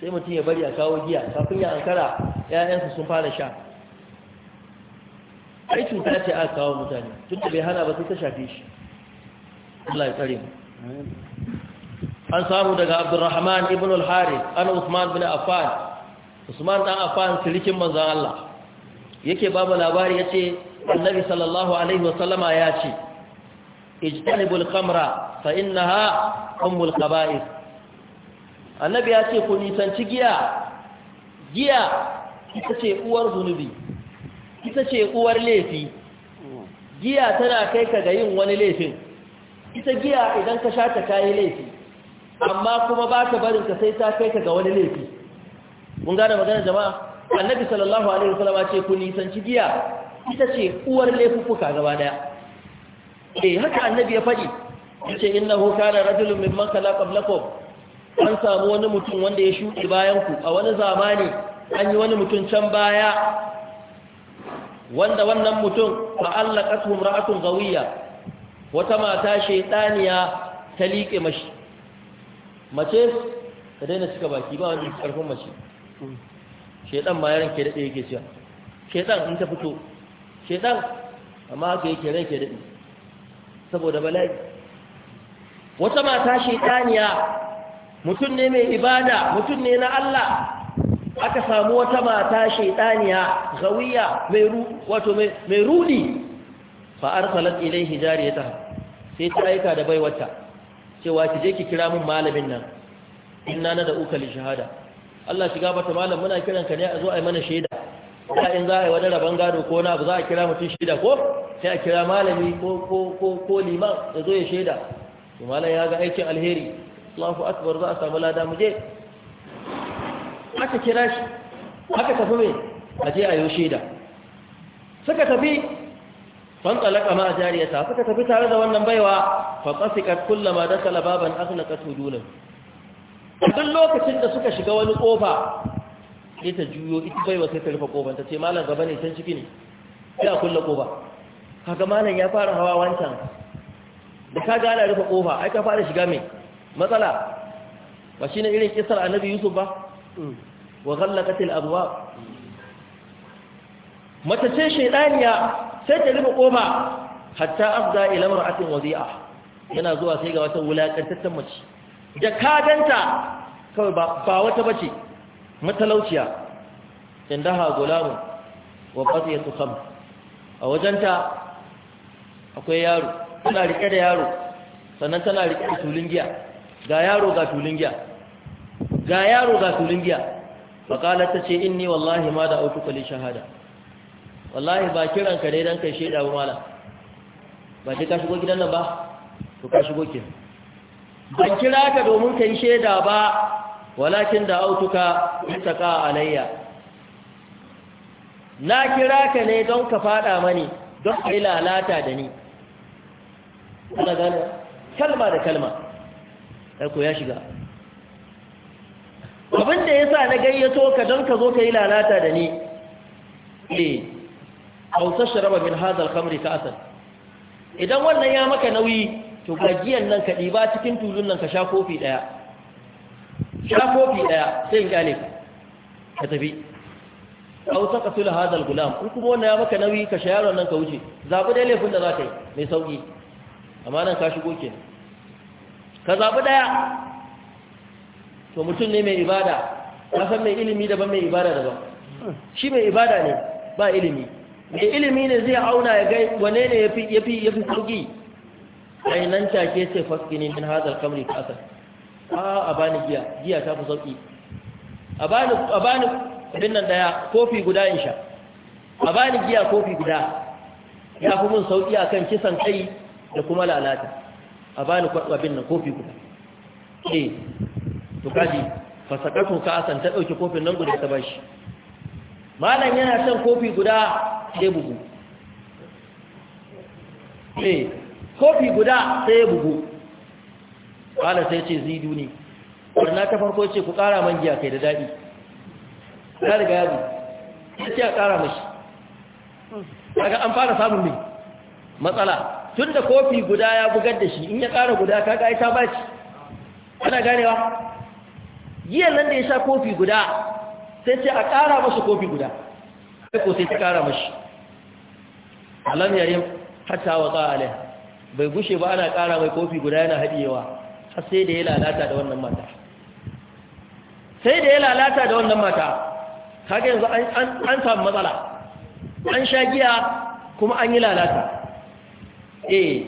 sai mutum ya bari a kawo giya kafin ya ankara ƴaƴansu sun fara sha ai cuta ce aka kawo mutane tun da bai hana ba sai ta shafe shi Allah ya tsare mu an samu daga Abdulrahman ibn al-Harith an Uthman bin Affan usman dan afan sirikin manzon Allah yake babu labari yace annabi sallallahu alaihi wasallama ya ce ijtanibul khamra fa innaha ummul khaba'ith annabi ya ce ku nisanci giya giya ita ce uwar zunubi ita ce uwar laifi giya tana kai ka ga yin wani laifin ita giya idan ka sha ta kayi laifi amma kuma ba ka barin ka sai ta kai ka ga wani laifi mun gane magana jama'a annabi sallallahu alaihi wasallam ce ku nisanci giya ita ce uwar laifuka gaba daya eh haka annabi ya faɗi yace innahu kana rajulun mimman kala qablakum an samu wani mutum wanda ya shuɗe bayan ku a wani zamani an yi wani mutum can baya wanda wannan mutum fa allaqatu ra'atun gawiya wata mata shaytaniya ta liƙe mashi mace ka daina cika baki ba wani karfin mace shedan ma yaran ke dade yake cewa shedan in ta fito shedan amma haka yake rai ke dade saboda bala'i wata mata shedaniya mutum ne mai ibada mutum ne na Allah aka samu wata mata shaidaniya gawiya mai ru wato mai rudi fa arsalat ilaihi jariyata sai ta aika da baiwata. cewa ki je ki kira mun malamin nan inna na da uka li shahada Allah shiga bata malam muna kiran ka ne a zo a yi mana shaida da in za a yi wani rabon gado ko na abu za a kira mutum shaida ko sai a kira malami ko liman ya zo ya shaida to malam ya ga aikin alheri Allahu akbar za a samu lada mu je aka kira shi aka tafi mai a je a yi shaida suka tafi fantalaka ma jariyata suka tafi tare da wannan baiwa fa qasikat kullama dakala baban aghlaqat hudulan duk lokacin da suka shiga wani kofa sai ta juyo ita bai wa sai ta rufe kofar ta ce malam gaba ne can ciki ne sai a kulle kofa kaga malam ya fara hawa wancan da ka gana rufe kofa ai ka fara shiga mai matsala ba shine irin kisar annabi yusuf ba wa ghallaqat al-abwab mata ce shaydaniya sai ta rufe kofa hatta afda ila mar'atin wadi'a yana zuwa sai ga wata wulakantaccen mace kadanta kawai ba wata bace matalauciya ha gulamu wa qatiyatu kham a wajenta akwai yaro tana rike da yaro sannan tana rike da tulun giya ga yaro ga tulun giya ga yaro ga tulun giya faqala tace inni wallahi ma da autu kali shahada wallahi ba kiran ka dai dan kai sheda ba mala ba dai ka shigo gidan nan ba to ka shigo kenan ban kira ka domin ka yi shaida ba walakin da autuka mutaka alayya na kira ka ne don ka fada mani don ka yi lalata da ni kalma da kalma ko ya shiga da ya sa na gayyato ka don ka zo ka yi lalata da ni ne eh, hausar sharaba min hazar kamri ka asal idan wannan ya maka nauyi to gajiyan nan ka ɗiba cikin tulun nan ka sha kofi ɗaya sha kofi ɗaya sai in gane ka tafi au ka tula hadal gulam in kuma wannan ya maka nauyi ka sha yaron nan ka wuce zaɓi dai laifin da za ka yi mai sauƙi amma nan ka shigo ke ka zaɓi ɗaya to mutum ne mai ibada ka san mai ilimi daban mai ibada daban shi mai ibada ne ba ilimi mai ilimi ne zai auna ya ga wane ne ya fi sauƙi ai nan take ce faskini min hadal kamri ka asar a a bani giya giya ta fi sauki a bani abin nan daya kofi guda in sha a bani giya kofi guda ya fi mun sauki kan kisan kai da kuma lalata a bani abin nan kofi guda eh to kaji ka asan ta dauki kofin nan guda ta bashi malam yana shan kofi guda ke bugu eh kofi guda sai ya bugu kala sai ce zidu ne barna ta farko ce ku kara man giya kai da daɗi ya riga ya bu ce a kara mashi daga an fara samun mai matsala tun da kofi guda ya bugar da shi in ya kara guda ka ga ta baci ana ganewa Giya nan da ya sha kofi guda sai ce a kara mashi kofi guda sai ko sai ta kara mashi alam yayin hatta wa tsa'alai bai gushe ba ana ƙara mai kofi guda yana haɗiyewa sai da ya lalata da wannan mata sai da ya lalata da wannan mata kage yanzu an samu matsala an sha giya kuma an yi lalata eh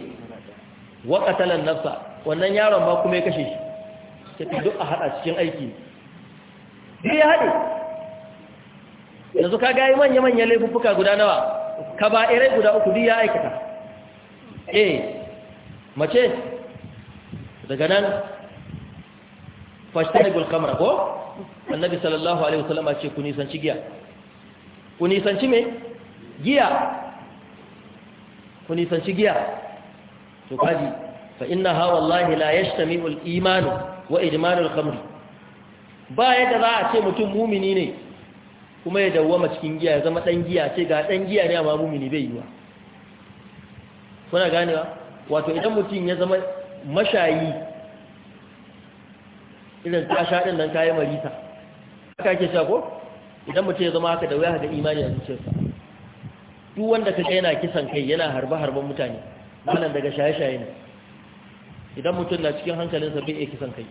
wa nafsa wannan yaron ba kuma ya kashe shi fi duk a hada cikin aiki ne ya haɗe yanzu ka ga manya manyan laifuffuka guda nawa irai guda uku duk ya aikata a mace daga nan fashtanibul Gulkamar ko annabi sallallahu alaihi wasallama ce ku nisanci giya ku nisanci me giya ku nisanci giya to kaji fa hawa wallahi la yashtami'u al imanu wa ijmanu al-khamr ba yadda za a ce mutum mumini ne kuma ya dawwama cikin giya ya zama ɗan giya ce ga ɗan giya ne amma mumini bai yiwa kuna ganewa wato idan mutum ya zama mashayi irin sha ɗin nan kayan marita haka ake shago idan mutum ya zama haka da wuya ga imani a zuciyarsa duk wanda ka yana kisan kai yana harba-harban mutane wannan daga shaye-shaye ne idan mutum na cikin hankalinsa bai iya kisan kai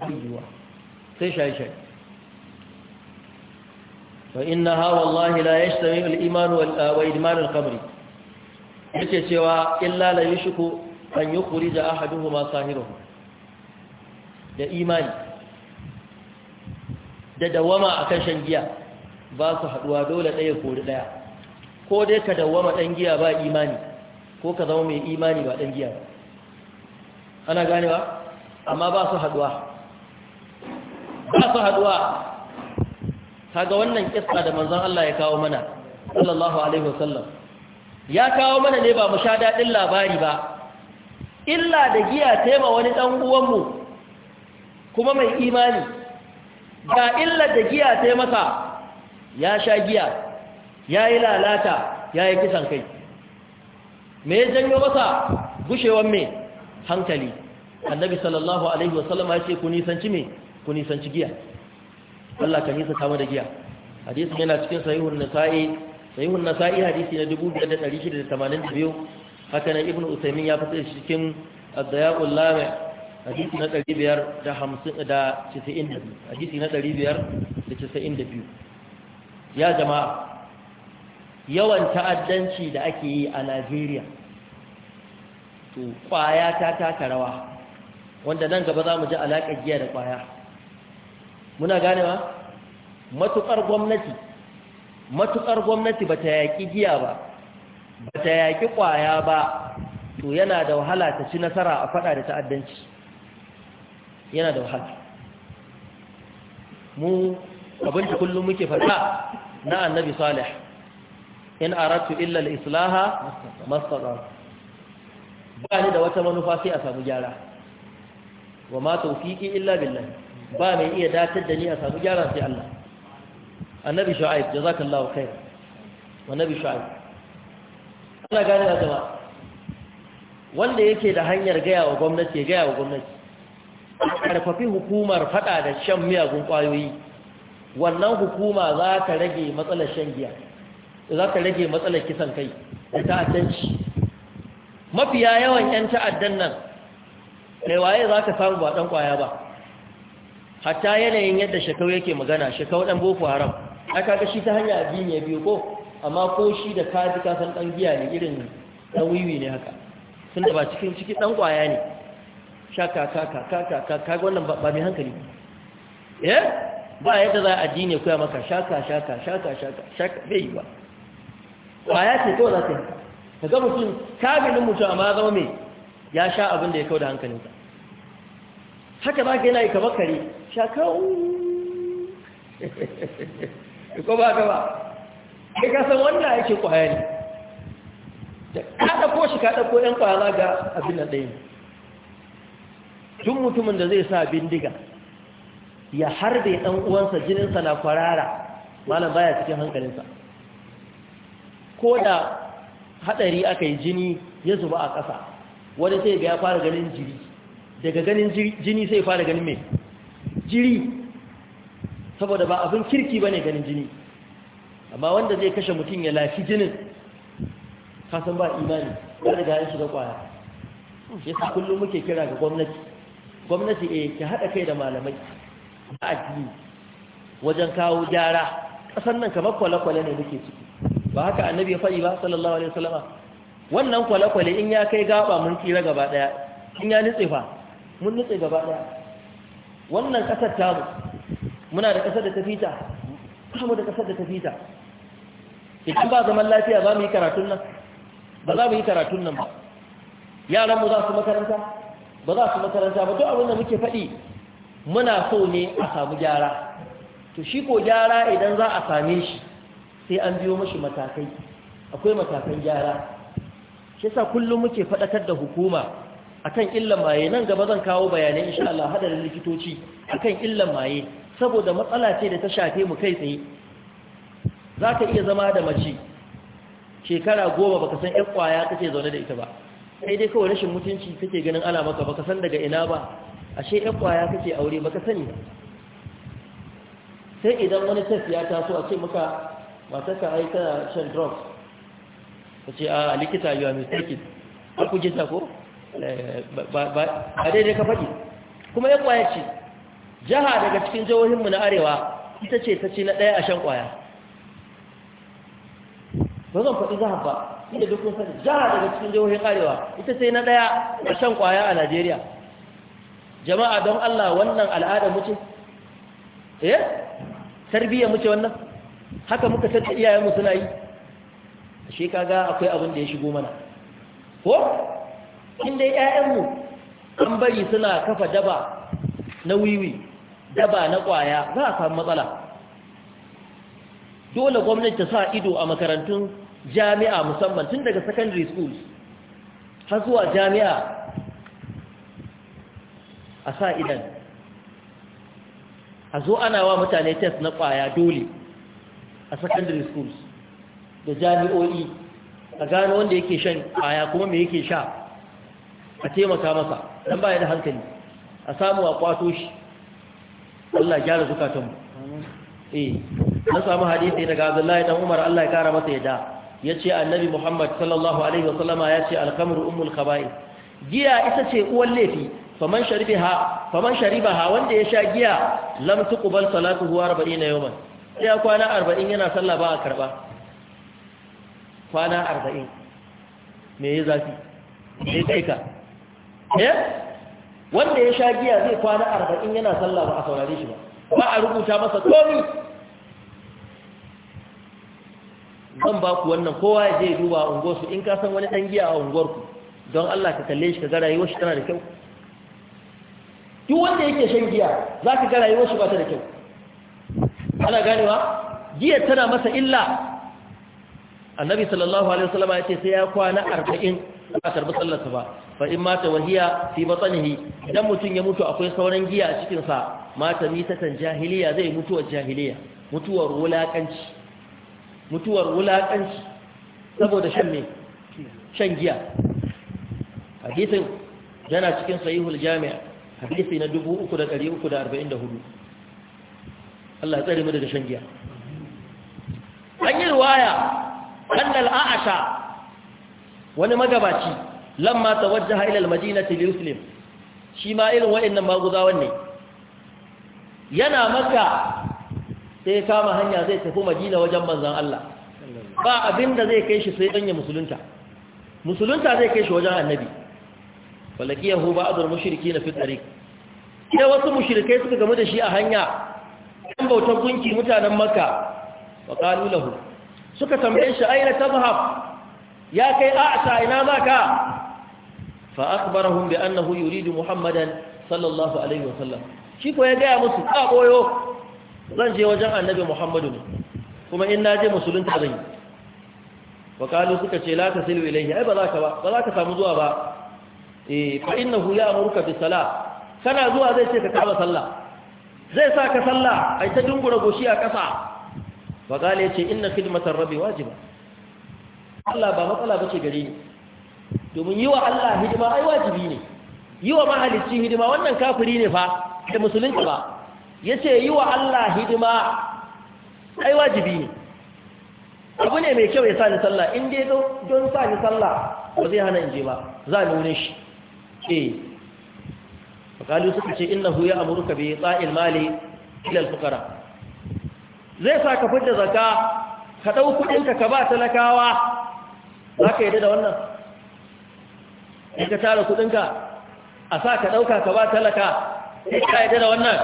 bai yiwa sai shaye-shaye fa inna ha wallahi la yashtawi al-iman wal ah, idman al-qabri yake cewa illa la yushku an yukhrija ahaduhuma sahiruhu da imani da dawama akan shan giya ba su haduwa dole daya kori daya ko dai ka dawama dan giya ba imani ko ka zama mai imani ba dan giya ba ana ganewa amma ba su haduwa ba su haduwa kaga wannan kissa da manzon Allah ya kawo mana sallallahu alaihi wasallam ya kawo mana ne ba mu sha daɗin labari ba illa da giya taima wani ɗan’uwanmu kuma mai imani ga illa da giya taimaka ya sha giya ya yi lalata ya yi kisan kai me ya janyo masa gushewan mai hankali annabi sallallahu alaihi wasallama ya ce ku nisanci mai ku nisanci giya Allah ka nisa kama da giya hadisun yana cikin sahihun nisa'i sahihun nasa'i hadisi na 2682 haka nan ibnu usaymin ya fada shi cikin ad-daya'ul lami hadisi na 550 da 92 hadisi na da 592 ya jama'a yawan ta'addanci da ake yi a Najeriya to kwaya ta taka rawa wanda nan gaba za mu ji alaƙar giya da kwaya muna ganewa matuƙar gwamnati matuƙar gwamnati ba ta yaƙi giya ba ba ta yaƙi ƙwaya ba to yana da wahala ta ci nasara a faɗa da ta'addanci yana da wahala mu abinci kullum muke faɗa na annabi salih in aratu illa al-islaha mastaqar ba ni da wata manufa sai a samu gyara wa ma tawfiqi illa billah ba mai iya datar da ni a samu gyara sai Allah annabi shu'aib jazakallahu khair wa nabi shu'aib ana gane da jama'a wanda yake da hanyar gaya wa gwamnati ya gaya wa gwamnati karfafi hukumar fada da shan miyagun kwayoyi wannan hukuma za ta rage matsalar shan giya za ta rage matsalar kisan kai da ta'addanci mafiya yawan 'yan ta'addan nan waye za ka samu ba dan ƙwaya ba hatta yanayin yadda shekau yake magana shekau ɗan boko haram ai kaga shi ta hanya addini ya biyo ko amma ko shi da kaji kasan ɗan giya ne irin ɗan wiwi ne haka sun da ba cikin ciki ɗan ƙwaya ne sha kaka kaka kaka wannan ba mai hankali eh ba yadda za a addini koya maka shaka shaka shaka shaka shaka bai ba ƙwaya ce kawai za kaga ka ga mutum kabilin mutum amma ya zama mai ya sha abin da ya kawo da hankalinsa haka ba ka yana yi kamar kare shakau ko ba ka ba kai ka san wannan yake kwaya ne da ka ko shi ka ɗauko ɗan kwaya ga abin da dai tun mutumin da zai sa bindiga ya harbe ɗan uwansa jininsa na kwarara malam baya cikin hankalinsa ko da haɗari aka yi jini ya zuba a ƙasa wani sai ya fara ganin jiri daga ganin jini sai fara ganin mai jiri saboda ba abin kirki ba ne ganin jini amma wanda zai kashe mutum ya lafi jinin kasan ba imani ba da gayan shiga kwaya sa kullum muke kira ga gwamnati gwamnati a eh, ki haɗa kai da malamai a addini wajen kawo gyara ƙasar nan kamar kwale-kwale ne muke ciki ba haka annabi ya faɗi ba sallallahu alaihi wasallama wannan kwale-kwale in ya kai gaba mun tsira gaba ɗaya in ya nutse fa mun nutse gaba ɗaya wannan ƙasar tamu muna da ƙasar da ta fita mu da ƙasar da ta fita idan ba zaman lafiya ba mu yi karatun nan ba za mu yi karatun nan ba yaranmu za su makaranta ba za su makaranta ba duk abin da muke faɗi muna so ne a samu gyara to shi ko gyara idan za a same shi sai an biyo mashi matakai akwai matakan gyara shi yasa kullum muke faɗakar da hukuma akan illan maye nan gaba zan kawo bayanai insha Allah hadarin likitoci akan illan maye saboda matsala ce da ta shafe mu kai tsaye zaka iya zama da mace shekara goma baka san ƴan kwaya kake zaune da ita ba sai dai kawai rashin mutunci kake ganin ala maka baka san daga ina ba ashe ƴan kwaya kake aure baka sani sai idan wani test ya taso a ce maka matarka ka aika shan drugs ka ce a likita you are mistaken ku gita ko Eh, ba daidai ka faɗi kuma ya kwaya ce jiha daga cikin jihohinmu na arewa ita ce ta ce na ɗaya a shan ƙwaya ba zan faɗi jihar ba inda duk kun sani jiha daga cikin jihohin arewa ita ce na ɗaya a shan ƙwaya a najeriya jama'a don allah wannan al'ada ce? eh tarbiyya ce wannan haka muka tattara iyayenmu suna yi shi kaga akwai abin da ya shigo mana ko in dai ƴaƴanmu an bari suna kafa daba na wiwi daba na ƙwaya za a samu matsala dole gwamnati ta sa ido a makarantun jami'a musamman tun daga secondary schools har zuwa jami'a a sa idan a zo ana wa mutane test na ƙwaya dole a secondary schools da jami'o'i a gano wanda yake shan ƙwaya kuma me yake sha a taimaka masa dan baya da hankali a samu a kwato shi Allah gyara zukatanmu eh an samu hadisi daga Abdullahi dan Umar Allah ya kara masa yadda yace annabi Muhammad sallallahu alaihi wasallama yace al-khamru ummul khaba'ith giya ita ce uwan laifi faman sharibaha faman sharibaha wanda ya sha giya lam tuqbal salatuhu 40 yawman sai kwana 40 yana sallah ba a karba kwana 40 me ya zafi sai kai ka eh wanda ya sha giya zai kwana arba'in yana sallah ba a saurare shi ba ba a rubuta masa komi zan ba ku wannan kowa ya je duba unguwarsu in ka san wani ɗan giya a unguwarku don Allah ka kalle shi ka gara yi, shi tana da kyau duk wanda yake shan giya za ka ga rayuwar shi ba ta da kyau ana ganewa giya tana masa illa annabi sallallahu alaihi wasallam ya ce sai ya kwana arba'in ba karɓi sallarsa ba fa in mata wahiya fi batnihi idan mutun ya mutu akwai sauran giya a cikin sa mata mitatan jahiliya zai mutuwar jahiliya mutuwar wulakanci mutuwar wulakanci saboda shan me shan giya hadisin yana cikin sahihul jami' hadisi na 3344 Allah ya tsare mu daga shan giya an yi riwaya annal a'asha wani magabaci lamma ta tawajjaha ila almadinati liyuslim shi ma irin waɗannan maguzawan ne yana maka sai ya kama hanya zai tafi madina wajen manzon Allah ba abinda zai kai shi sai danya musulunta musulunta zai kai shi wajen annabi falakiyahu ba'dul mushrikin na tariq sai wasu mushrikai suka gamu da shi a hanya ɗan bautar gunki mutanen makka wa qalu lahu suka tambaye shi aina tazhab ya kai a'sa ina za ka. فأخبرهم بأنه يريد محمدا صلى الله عليه وسلم شيكو يا جاي مسو كابويو zan je wajen annabi Muhammadu kuma in na je musulunta zan yi wa suka ce la ta silu ilaihi ai ba za ka ba ba za ka samu zuwa ba eh fa innahu ya amurka bi sala kana zuwa zai ce ka kaba sallah zai sa ka sallah ai ta dungura goshi a kasa wa ya ce inna khidmatar rabbi wajiba Allah ba matsala bace gare ni domin yi wa Allah hidima ai wajibi ne yi wa mahalicci hidima wannan kafiri ne fa da musulunci ba yace yi wa Allah hidima ai wajibi ne abu ne mai kyau ya sa ni sallah in dai don sa ni sallah ba zai hana in je ba za a wurin shi eh Bakali suka ce innahu ya amurka bi tsa'il mali ila al-fuqara zai sa ka fitar zakka ka dau kudin ka ka ba talakawa ka yi da wannan in ka tara kudinka a sa ka ɗauka ka ba talaka ka yadda da wannan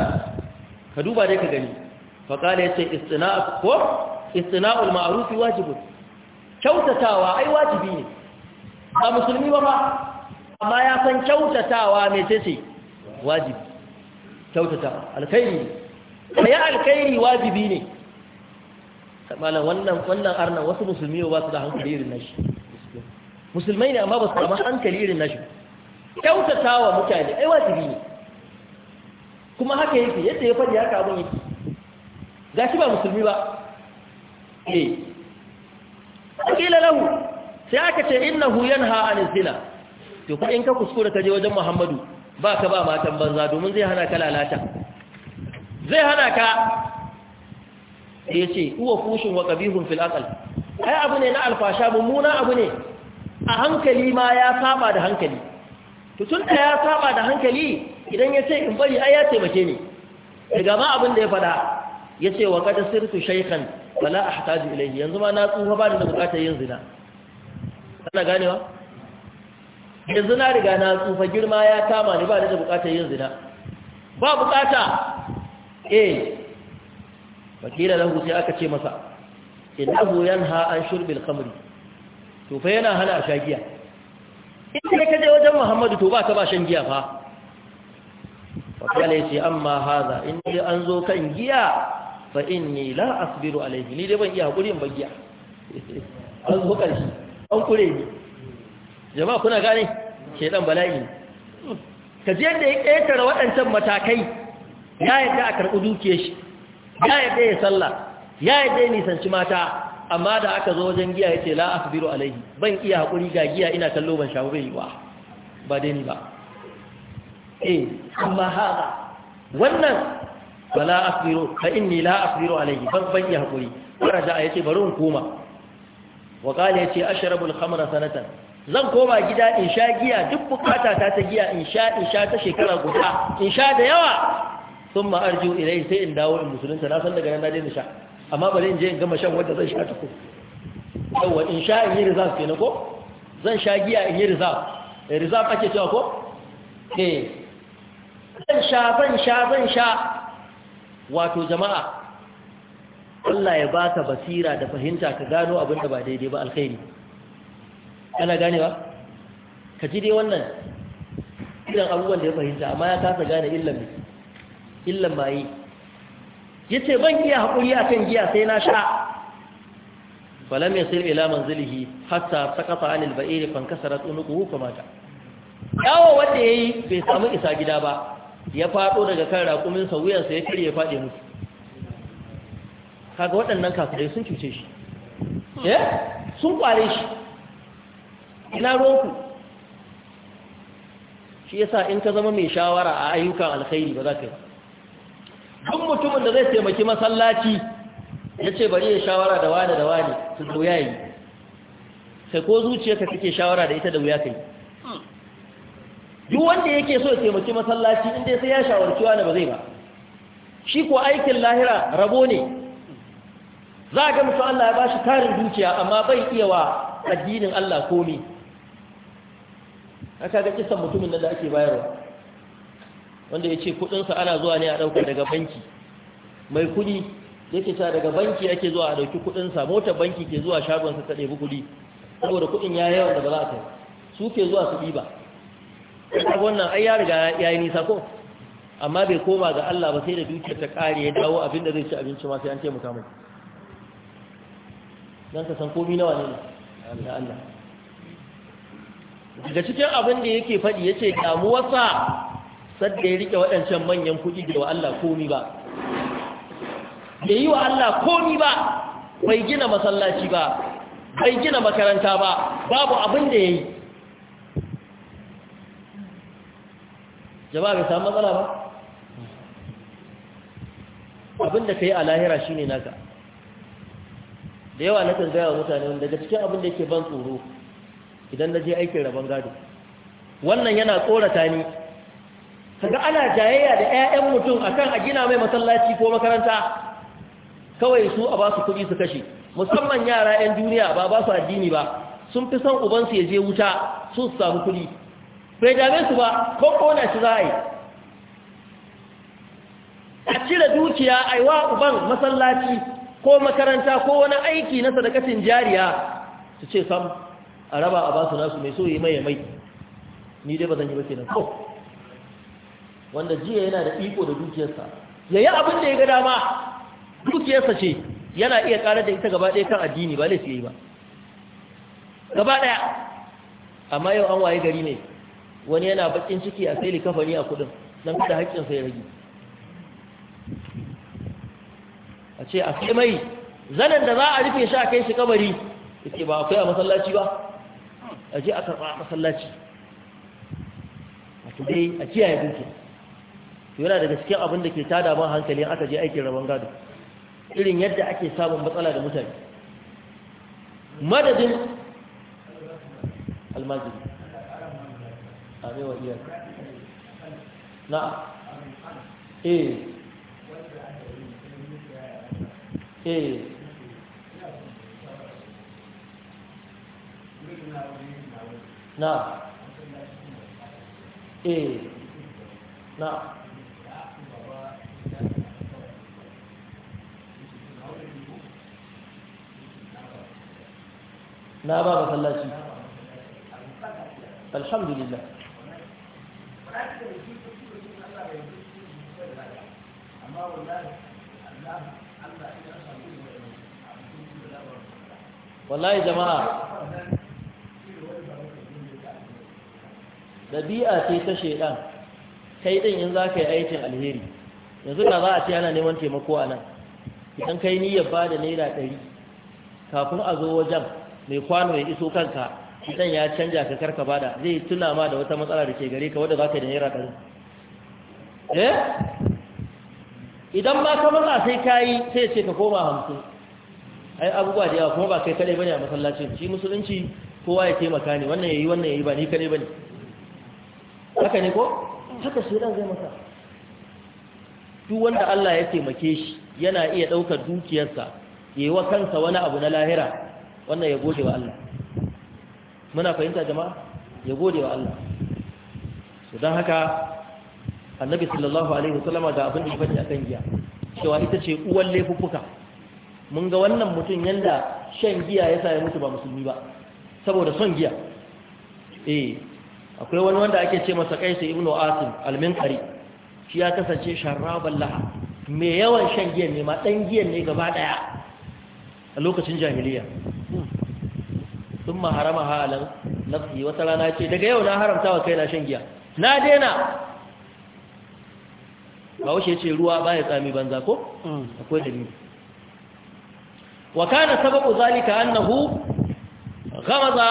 ka duba dai ka gani faƙala ya ce istina'ul ma'arufi wajibin kyautatawa ai wajibi ne A musulmi ba ba amma ya san kyautatawa mai ce ce. wajibi kyautatawa alkhairi ne ya alkhairi wajibi ne malam wannan wannan arnan wasu musulmi ba su da hankali irin na shi. musulmai ne amma ba su samu hankali irin nashi kyautata wa mutane ai wajibi ne kuma haka yake yadda ya faɗi haka abin yake ga shi ba musulmi ba eh kila lahu sai aka ce innahu yanha an zina to ko in ka kuskura ka je wajen Muhammadu ba ka ba matan banza domin zai hana ka lalata zai hana ka yace huwa fushun wa qabihun fil aqal ai abu ne na alfasha mummuna abu ne a hankali ma ya saba da hankali to da ya saba da hankali idan ya ce in bari ai ya taimake ni daga ma abin da ya fada ya ce wa kada sirtu shaykhan wala ahtaju ilayhi yanzu ma na tsufa ba da bukatar yin zina kana ganewa yanzu na riga na tsufa girma ya kama ni ba da bukatar yin zina ba bukata eh wakila lahu sai aka ce masa innahu yanha an shurbil khamri to fa yana hana a sha giya in ka je wajen muhammadu to ba ta ba shan giya fa wakala ce amma haza in an zo kan giya fa inni la asbiru alaihi ni dai ban iya hakuri in giya. an zo karshe an kure ni jama'a kuna gane shedan bala'i ka je da ya ƙetare waɗancan matakai ya yadda a karɓi dukiyar shi ya yadda ya sallah ya yadda ya nisanci mata amma da aka zo wajen giya ya ce la biro alaihi ban iya haƙuri ga giya ina kallo ban shawo bai ba ba dai ni ba eh amma hada wannan ba wala akbiru fa inni la biro alaihi ban iya ban iya hakuri ya ce bari in koma wa qala yace ashrabul khamra sanatan zan koma gida in sha giya duk bukata ta ta giya in sha in sha ta shekara guda in sha da yawa thumma arju ilayhi sai in dawo in musulunta na san daga nan na daina sha amma bari in je in gama shan wadda zan sha ta ko yawa in sha in yi reserve ke na ko zan sha giya in yi reserve eh, reserve ake cewa ko eh zan sha zan sha zan sha wato jama'a Allah ya baka basira da fahimta ka gano abin da ba daidai ba alkhairi kana gane ba ka ji dai wannan irin abubuwan da ya fahimta amma ya kasa gane illan illan maye ya ce ban iya haƙuri a kan giya sai na sha falam sai sirri laman zilihi hatta sakata anil ba'iri fankasarar unuku ko mata yawo wanda ya yi bai samu isa gida ba ya faɗo daga kan raƙuminsa wuyansa ya kirye faɗi mutu kaga waɗannan kafirai sun cuce shi eh? sun kware shi ina ruwanku shi yasa in ka zama mai shawara a ayyukan alkhairi ba za ka yi duk mutumin da zai taimaki masallaci ya ce bari ya shawara da wani da wani su da wuya yi sai ko zuciyarka kake shawara da ita da wuya kai duk wanda yake so ya taimaki masallaci inda sai ya shawarci wani ba zai ba shi ko aikin lahira rabo ne za a ga mutum Allah ya ba shi karin zuciya amma bai iya wa addinin Allah komi aka ga kisan mutumin da ake bayarwa wanda ya ce kudinsa ana zuwa ne a ɗauka daga banki mai kudi yake sa daga banki ake zuwa a ɗauki kudinsa motar banki ke zuwa shagonsa ta ɗebi kudi saboda kudin ya yawan da ba za a kai su ke zuwa su ɗiba ta wannan ai ya riga ya yi nisa ko amma bai koma ga Allah ba sai da dukiyar ta ƙare ya dawo abin da zai ci abinci ma sai an taimaka mai don ka san komi nawa ne da Allah daga cikin abin da yake faɗi ya ce damuwarsa sadda ya rike waɗancan manyan kuɗi da wa Allah komi ba bai yi wa Allah komi ba bai gina masallaci ba bai gina makaranta ba babu abin da ya yi jama'a bai samu matsala ba abin da ka yi a lahira shi ne naka da yawa na tambaya wa mutane daga cikin abin da yake ban tsoro idan na je aikin rabon gado wannan yana tsorata ni kaga ana jayayya da 'ya'yan mutum akan a gina mai masallaci ko makaranta kawai su a ba su kuɗi su kashe musamman yara 'yan duniya ba ba su addini ba sun fi son ubansu ya je wuta su samu kuɗi bai dame su ba ko kona shi za a yi a cire dukiya aiwa uban masallaci ko makaranta ko wani aiki na sadakacin jariya su ce sam a raba a ba su nasu mai so yi mai mai ni dai ba zan yi ba kenan ko wanda jiya yana da iko da dukiyarsa Ya yi abin da ya ga dama dukiyarsa ce yana iya ƙarar da ita gaba ɗaya kan addini ba laifi yi ba gaba ɗaya amma yau an waye gari ne wani yana bakin ciki a sai likafani a kudin don kada haƙƙinsa ya rage a ce a kai mai zanen da za a rufe shi a kai shi kabari da ke ba akwai a masallaci ba a je a karɓa a masallaci a tudai a kiyaye dukiya to yana daga cikin abin da ke tada ban hankali aka je aikin rabon gado irin yadda ake samun matsala da mutane madadin almajiri a mewa na eh eh na eh na na ba masallaci alhamdulillah wallahi jama'a ɗabi'a ce ta shaidan kai ɗin in zaka yi aikin alheri yanzu da za a ce ana neman taimako a nan idan kai niyyar ba da naira ɗari kafin a zo wajen mai kwano ya iso kanka idan ya canja ka karka bada zai tuna ma da wata matsala da ke gare ka wadda za ka da naira ɗari eh idan ba ka matsa sai ka yi sai ce ka koma hamsin ai abubuwa da yawa kuma ba kai kare bane a masallacin shi musulunci kowa ya taimaka ne wannan ya yi, wannan ya yi, ba ni kare bane haka ne ko haka shi dan zai masa duk wanda Allah ya taimake shi yana iya daukar dukiyarsa yayi wa kansa wani abu na lahira wannan ya gode wa Allah muna fahimta jama'a ya gode wa Allah su don haka annabi sallallahu alaihi wasallama ga abin da ya a kan giya cewa ita ce uwan laifuffuka mun ga wannan mutum yanda shan giya ya sa ya mutu ba musulmi ba saboda son giya eh akwai wani wanda ake ce masa kaisa ibnu asim al-minkari shi ya kasance sharraban laha mai yawan shan giya ne ma dan giyan ne gaba daya a lokacin jahiliya sun ma harama halan nafsi wata rana ce daga yau na haramta wa kaina shan giya na dena. ba wuce ce ruwa baya tsami banza ko akwai dalili wa kana sababu zalika annahu ghamaza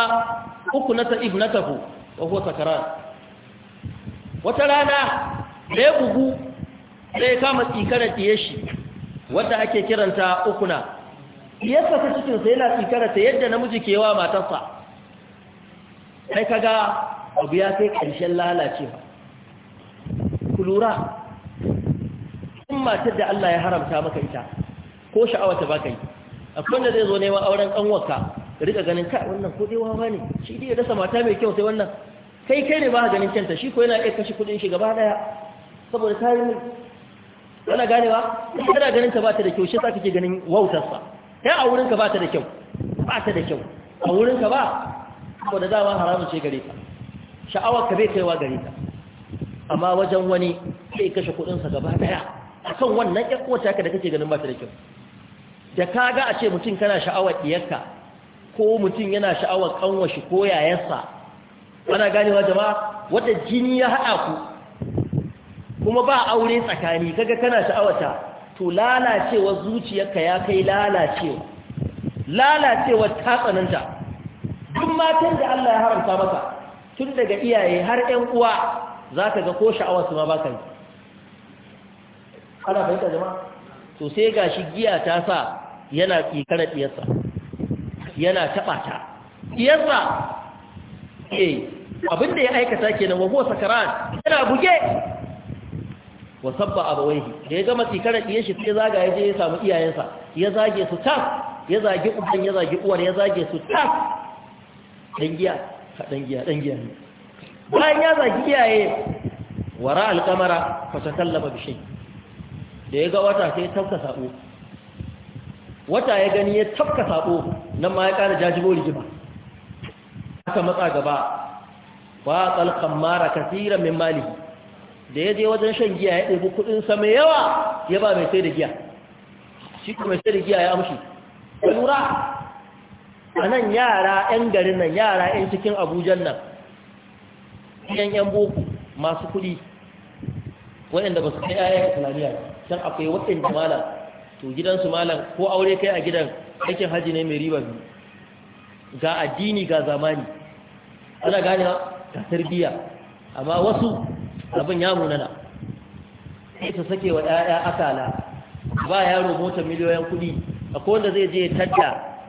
uknata ibnatahu wa huwa sakaran wata rana da bugu sai kama tsikarar diye shi wadda ake kiranta ukuna yadda cikin cikinsa yana ta yadda namiji ke wa matarsa sai kaga abu ya kai ƙarshen lalacewa ku lura in matar da Allah ya haramta maka ita ko sha'awa ta baka yi akwai wanda zai zo neman auren ƙanwarka rika ganin kai wannan ko dai wawa ne shi dai ya dasa mata mai kyau sai wannan kai kai ne ba ganin kyanta shi ko yana iya kashe kudin shi gaba ɗaya saboda ta yi kana ganewa kana ganin ta ba ta da kyau shi sa kake ganin wautarsa ya a wurinka ba ta da kyau ba ta da kyau a wurinka ba ko da dama haramun ce gare ka Sha'awarka ka bai kaiwa gare ka amma wajen wani sai kashe kudinsa gaba daya akan wannan ƴar kowace ka da kake ganin ba ta da kyau da ka ga a ce mutum kana sha'awar diyarka ko mutum yana sha'awar kanwashi ko yayansa ana ganewa jama'a wata jini ya haɗa ku kuma ba aure tsakani kaga kana sha'awata to lalacewa zuciyarka ya kai lalacewa lalacewa ta tsananta duk matan da Allah ya haramta maka tun daga iyaye har ƴan uwa za ka ga ko sha'awar su ma ba ka yi ana fahimta jama'a to sai ga giya ta sa yana tsikarar ɗiyarsa yana taɓa ta ɗiyarsa eh abinda ya aikata kenan wa huwa sakaran yana buge wa sabba abawaihi da ya gama tikarar ɗiyar shi sai zaga ya je ya samu iyayensa ya zage su tas ya zage uban ya zage uwar ya zage su tas dan giya dan giya dan giya ne bayan ya zage iyaye wara alkamara fa takallama bi shay da ya ga wata sai tafka sabo wata ya gani ya tafka sabo nan ma ya kara jajibo rigima aka matsa gaba wa qalqamara kaseeran min malihi da ya je wajen shan giya ya ɗabi kuɗinsa mai yawa ya ba mai sai da giya shi mai sai da giya ya amshi ya lura a nan yara 'yan garin nan yara 'yan cikin abujan nan yan 'yan boko masu kuɗi waɗanda ba su kai yayan islamiyya can akwai waɗanda malam to gidansu malam ko aure kai a gidan aikin haji ne mai riba biyu ga addini ga zamani ana gane ga tarbiyya amma wasu abin ya munana sai su sake wa ɗaya akala ba yaro mota miliyoyin kuɗi a wanda zai je tadda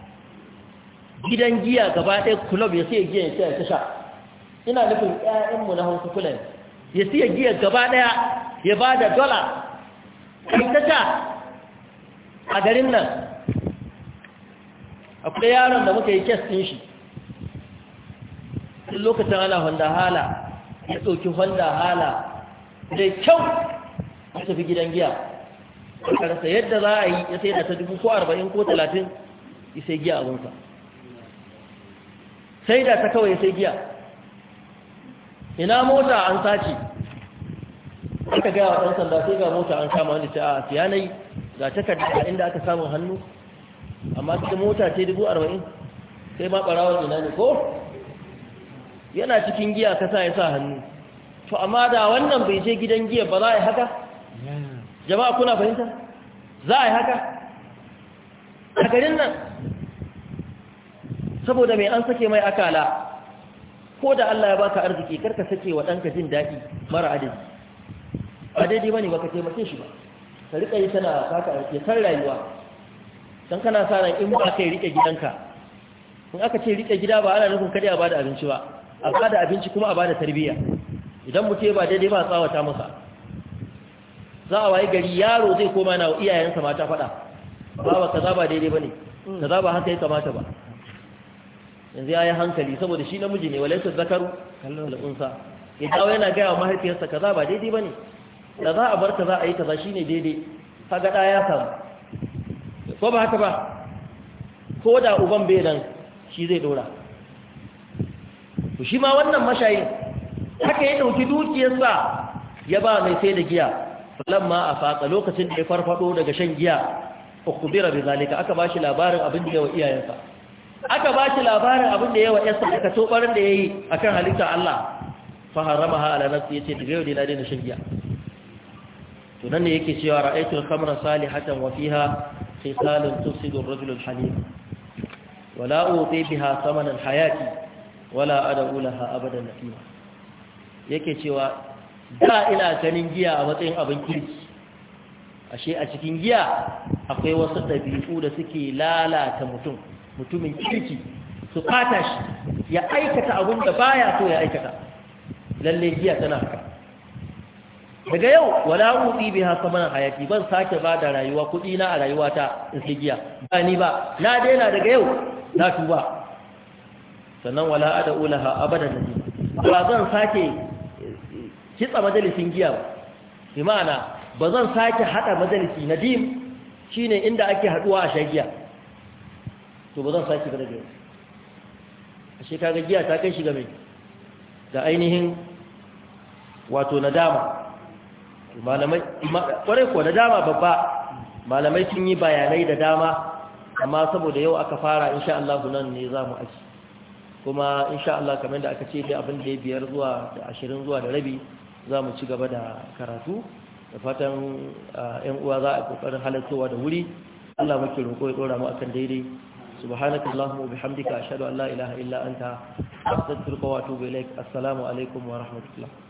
gidan giya gaba ɗaya kulob ya siya giya ya siya ta sha ina nufin ƴaƴanmu na hausa kula ya siya giya gaba ɗaya ya ba da dola ta sha a garin nan akwai yaron da muka yi kes ɗin shi lokacin ana honda hala ya ɗauki wanda hala da kyau ya tafi gidan giya karsa yadda za a yi ya sai da ta dubu ko arba'in ko talatin ya sai giya abinsa sai da ta kawai ya sai giya ina mota an sace aka gaya wa ɗan sanda sai ga mota an kama wani ta a siyanai ga a inda aka samu hannu amma cikin mota ce dubu arba'in sai ma ɓarawar ina ne ko yana cikin giya ka sa ya sa hannu to amma da wannan bai je gidan giya ba za a yi haka jama'a kuna fahimta za a yi haka a garin nan saboda mai an sake mai akala ko da Allah ya baka arziki karka sake wa ɗanka jin daɗi mara adadi ba daidai ba ne ba ka taimake shi ba ka riƙa yi tana kaka ya san rayuwa don kana sa ran in ba ka yi riƙe gidanka in aka ce riƙe gida ba ana nufin kada ya ba da abinci ba a bada abinci kuma a bada tarbiyya idan mutum ba daidai ba tsawata masa za a waye gari yaro zai koma na iyayensa mata faɗa baba kaza ba daidai bane kaza ba haka ya kamata ba yanzu ya yi hankali saboda shi namiji ne walaisa zakaru kallon al'unsa ya dawo yana gaya wa mahaifiyarsa kaza ba daidai ba ne da za a bar kaza a yi kaza shi ne daidai kaga ɗaya ya samu ko ba haka ba ko da uban bai dan shi zai dora to shi ma wannan mashayin haka ya dauki dukiyarsa ya ba mai sai da giya falamma afaqa lokacin da ya farfado daga shan giya ukubira bi zalika aka ba shi labarin abin da yawa iyayensa aka ba shi labarin abin da yawa yasa aka to barin da yayi akan halitta Allah fa haramaha ala nafsi yace daga yau dina daina shan giya to nan ne yake cewa ra'aytul khamra salihatan wa fiha khisalun tusidu ar-rajul al-halim wa la uti biha thamana al-hayati wala ad'u laha abada nafima yake cewa da ina ganin giya a matsayin abin kirki ashe a cikin giya akwai wasu ɗabi'u da suke lalata mutum mutumin kirki su fata shi ya aikata abin da baya so ya aikata lalle giya tana haka daga yau wala uti biha samanan hayati ban sake ba da rayuwa kuɗi na a rayuwata in sai giya ba ni ba na daina daga yau na tuba sannan wala ada ulaha abadan nabi ba zan sake kitsa majalisin giya ba bi ma'ana ba zan sake haɗa majalisi na nadim shine inda ake haɗuwa a shagiya to ba zan sake ba da giya a shekaga giya ta kai shiga mai da ainihin wato nadama malamai kwarai ko nadama babba malamai sun yi bayanai da dama amma saboda yau aka fara insha Allah nan ne za mu aji kuma in sha Allah kamar da aka ce da abin da ya biyar zuwa da ashirin zuwa da rabi za mu ci gaba da karatu da fatan yan uwa za a kokarin halartowa da wuri Allah muke roƙo ya dora mu akan daidai subhanaka allahumma wa bihamdika ashhadu an la ilaha illa anta astaghfiruka wa atubu ilaik assalamu alaikum wa rahmatullah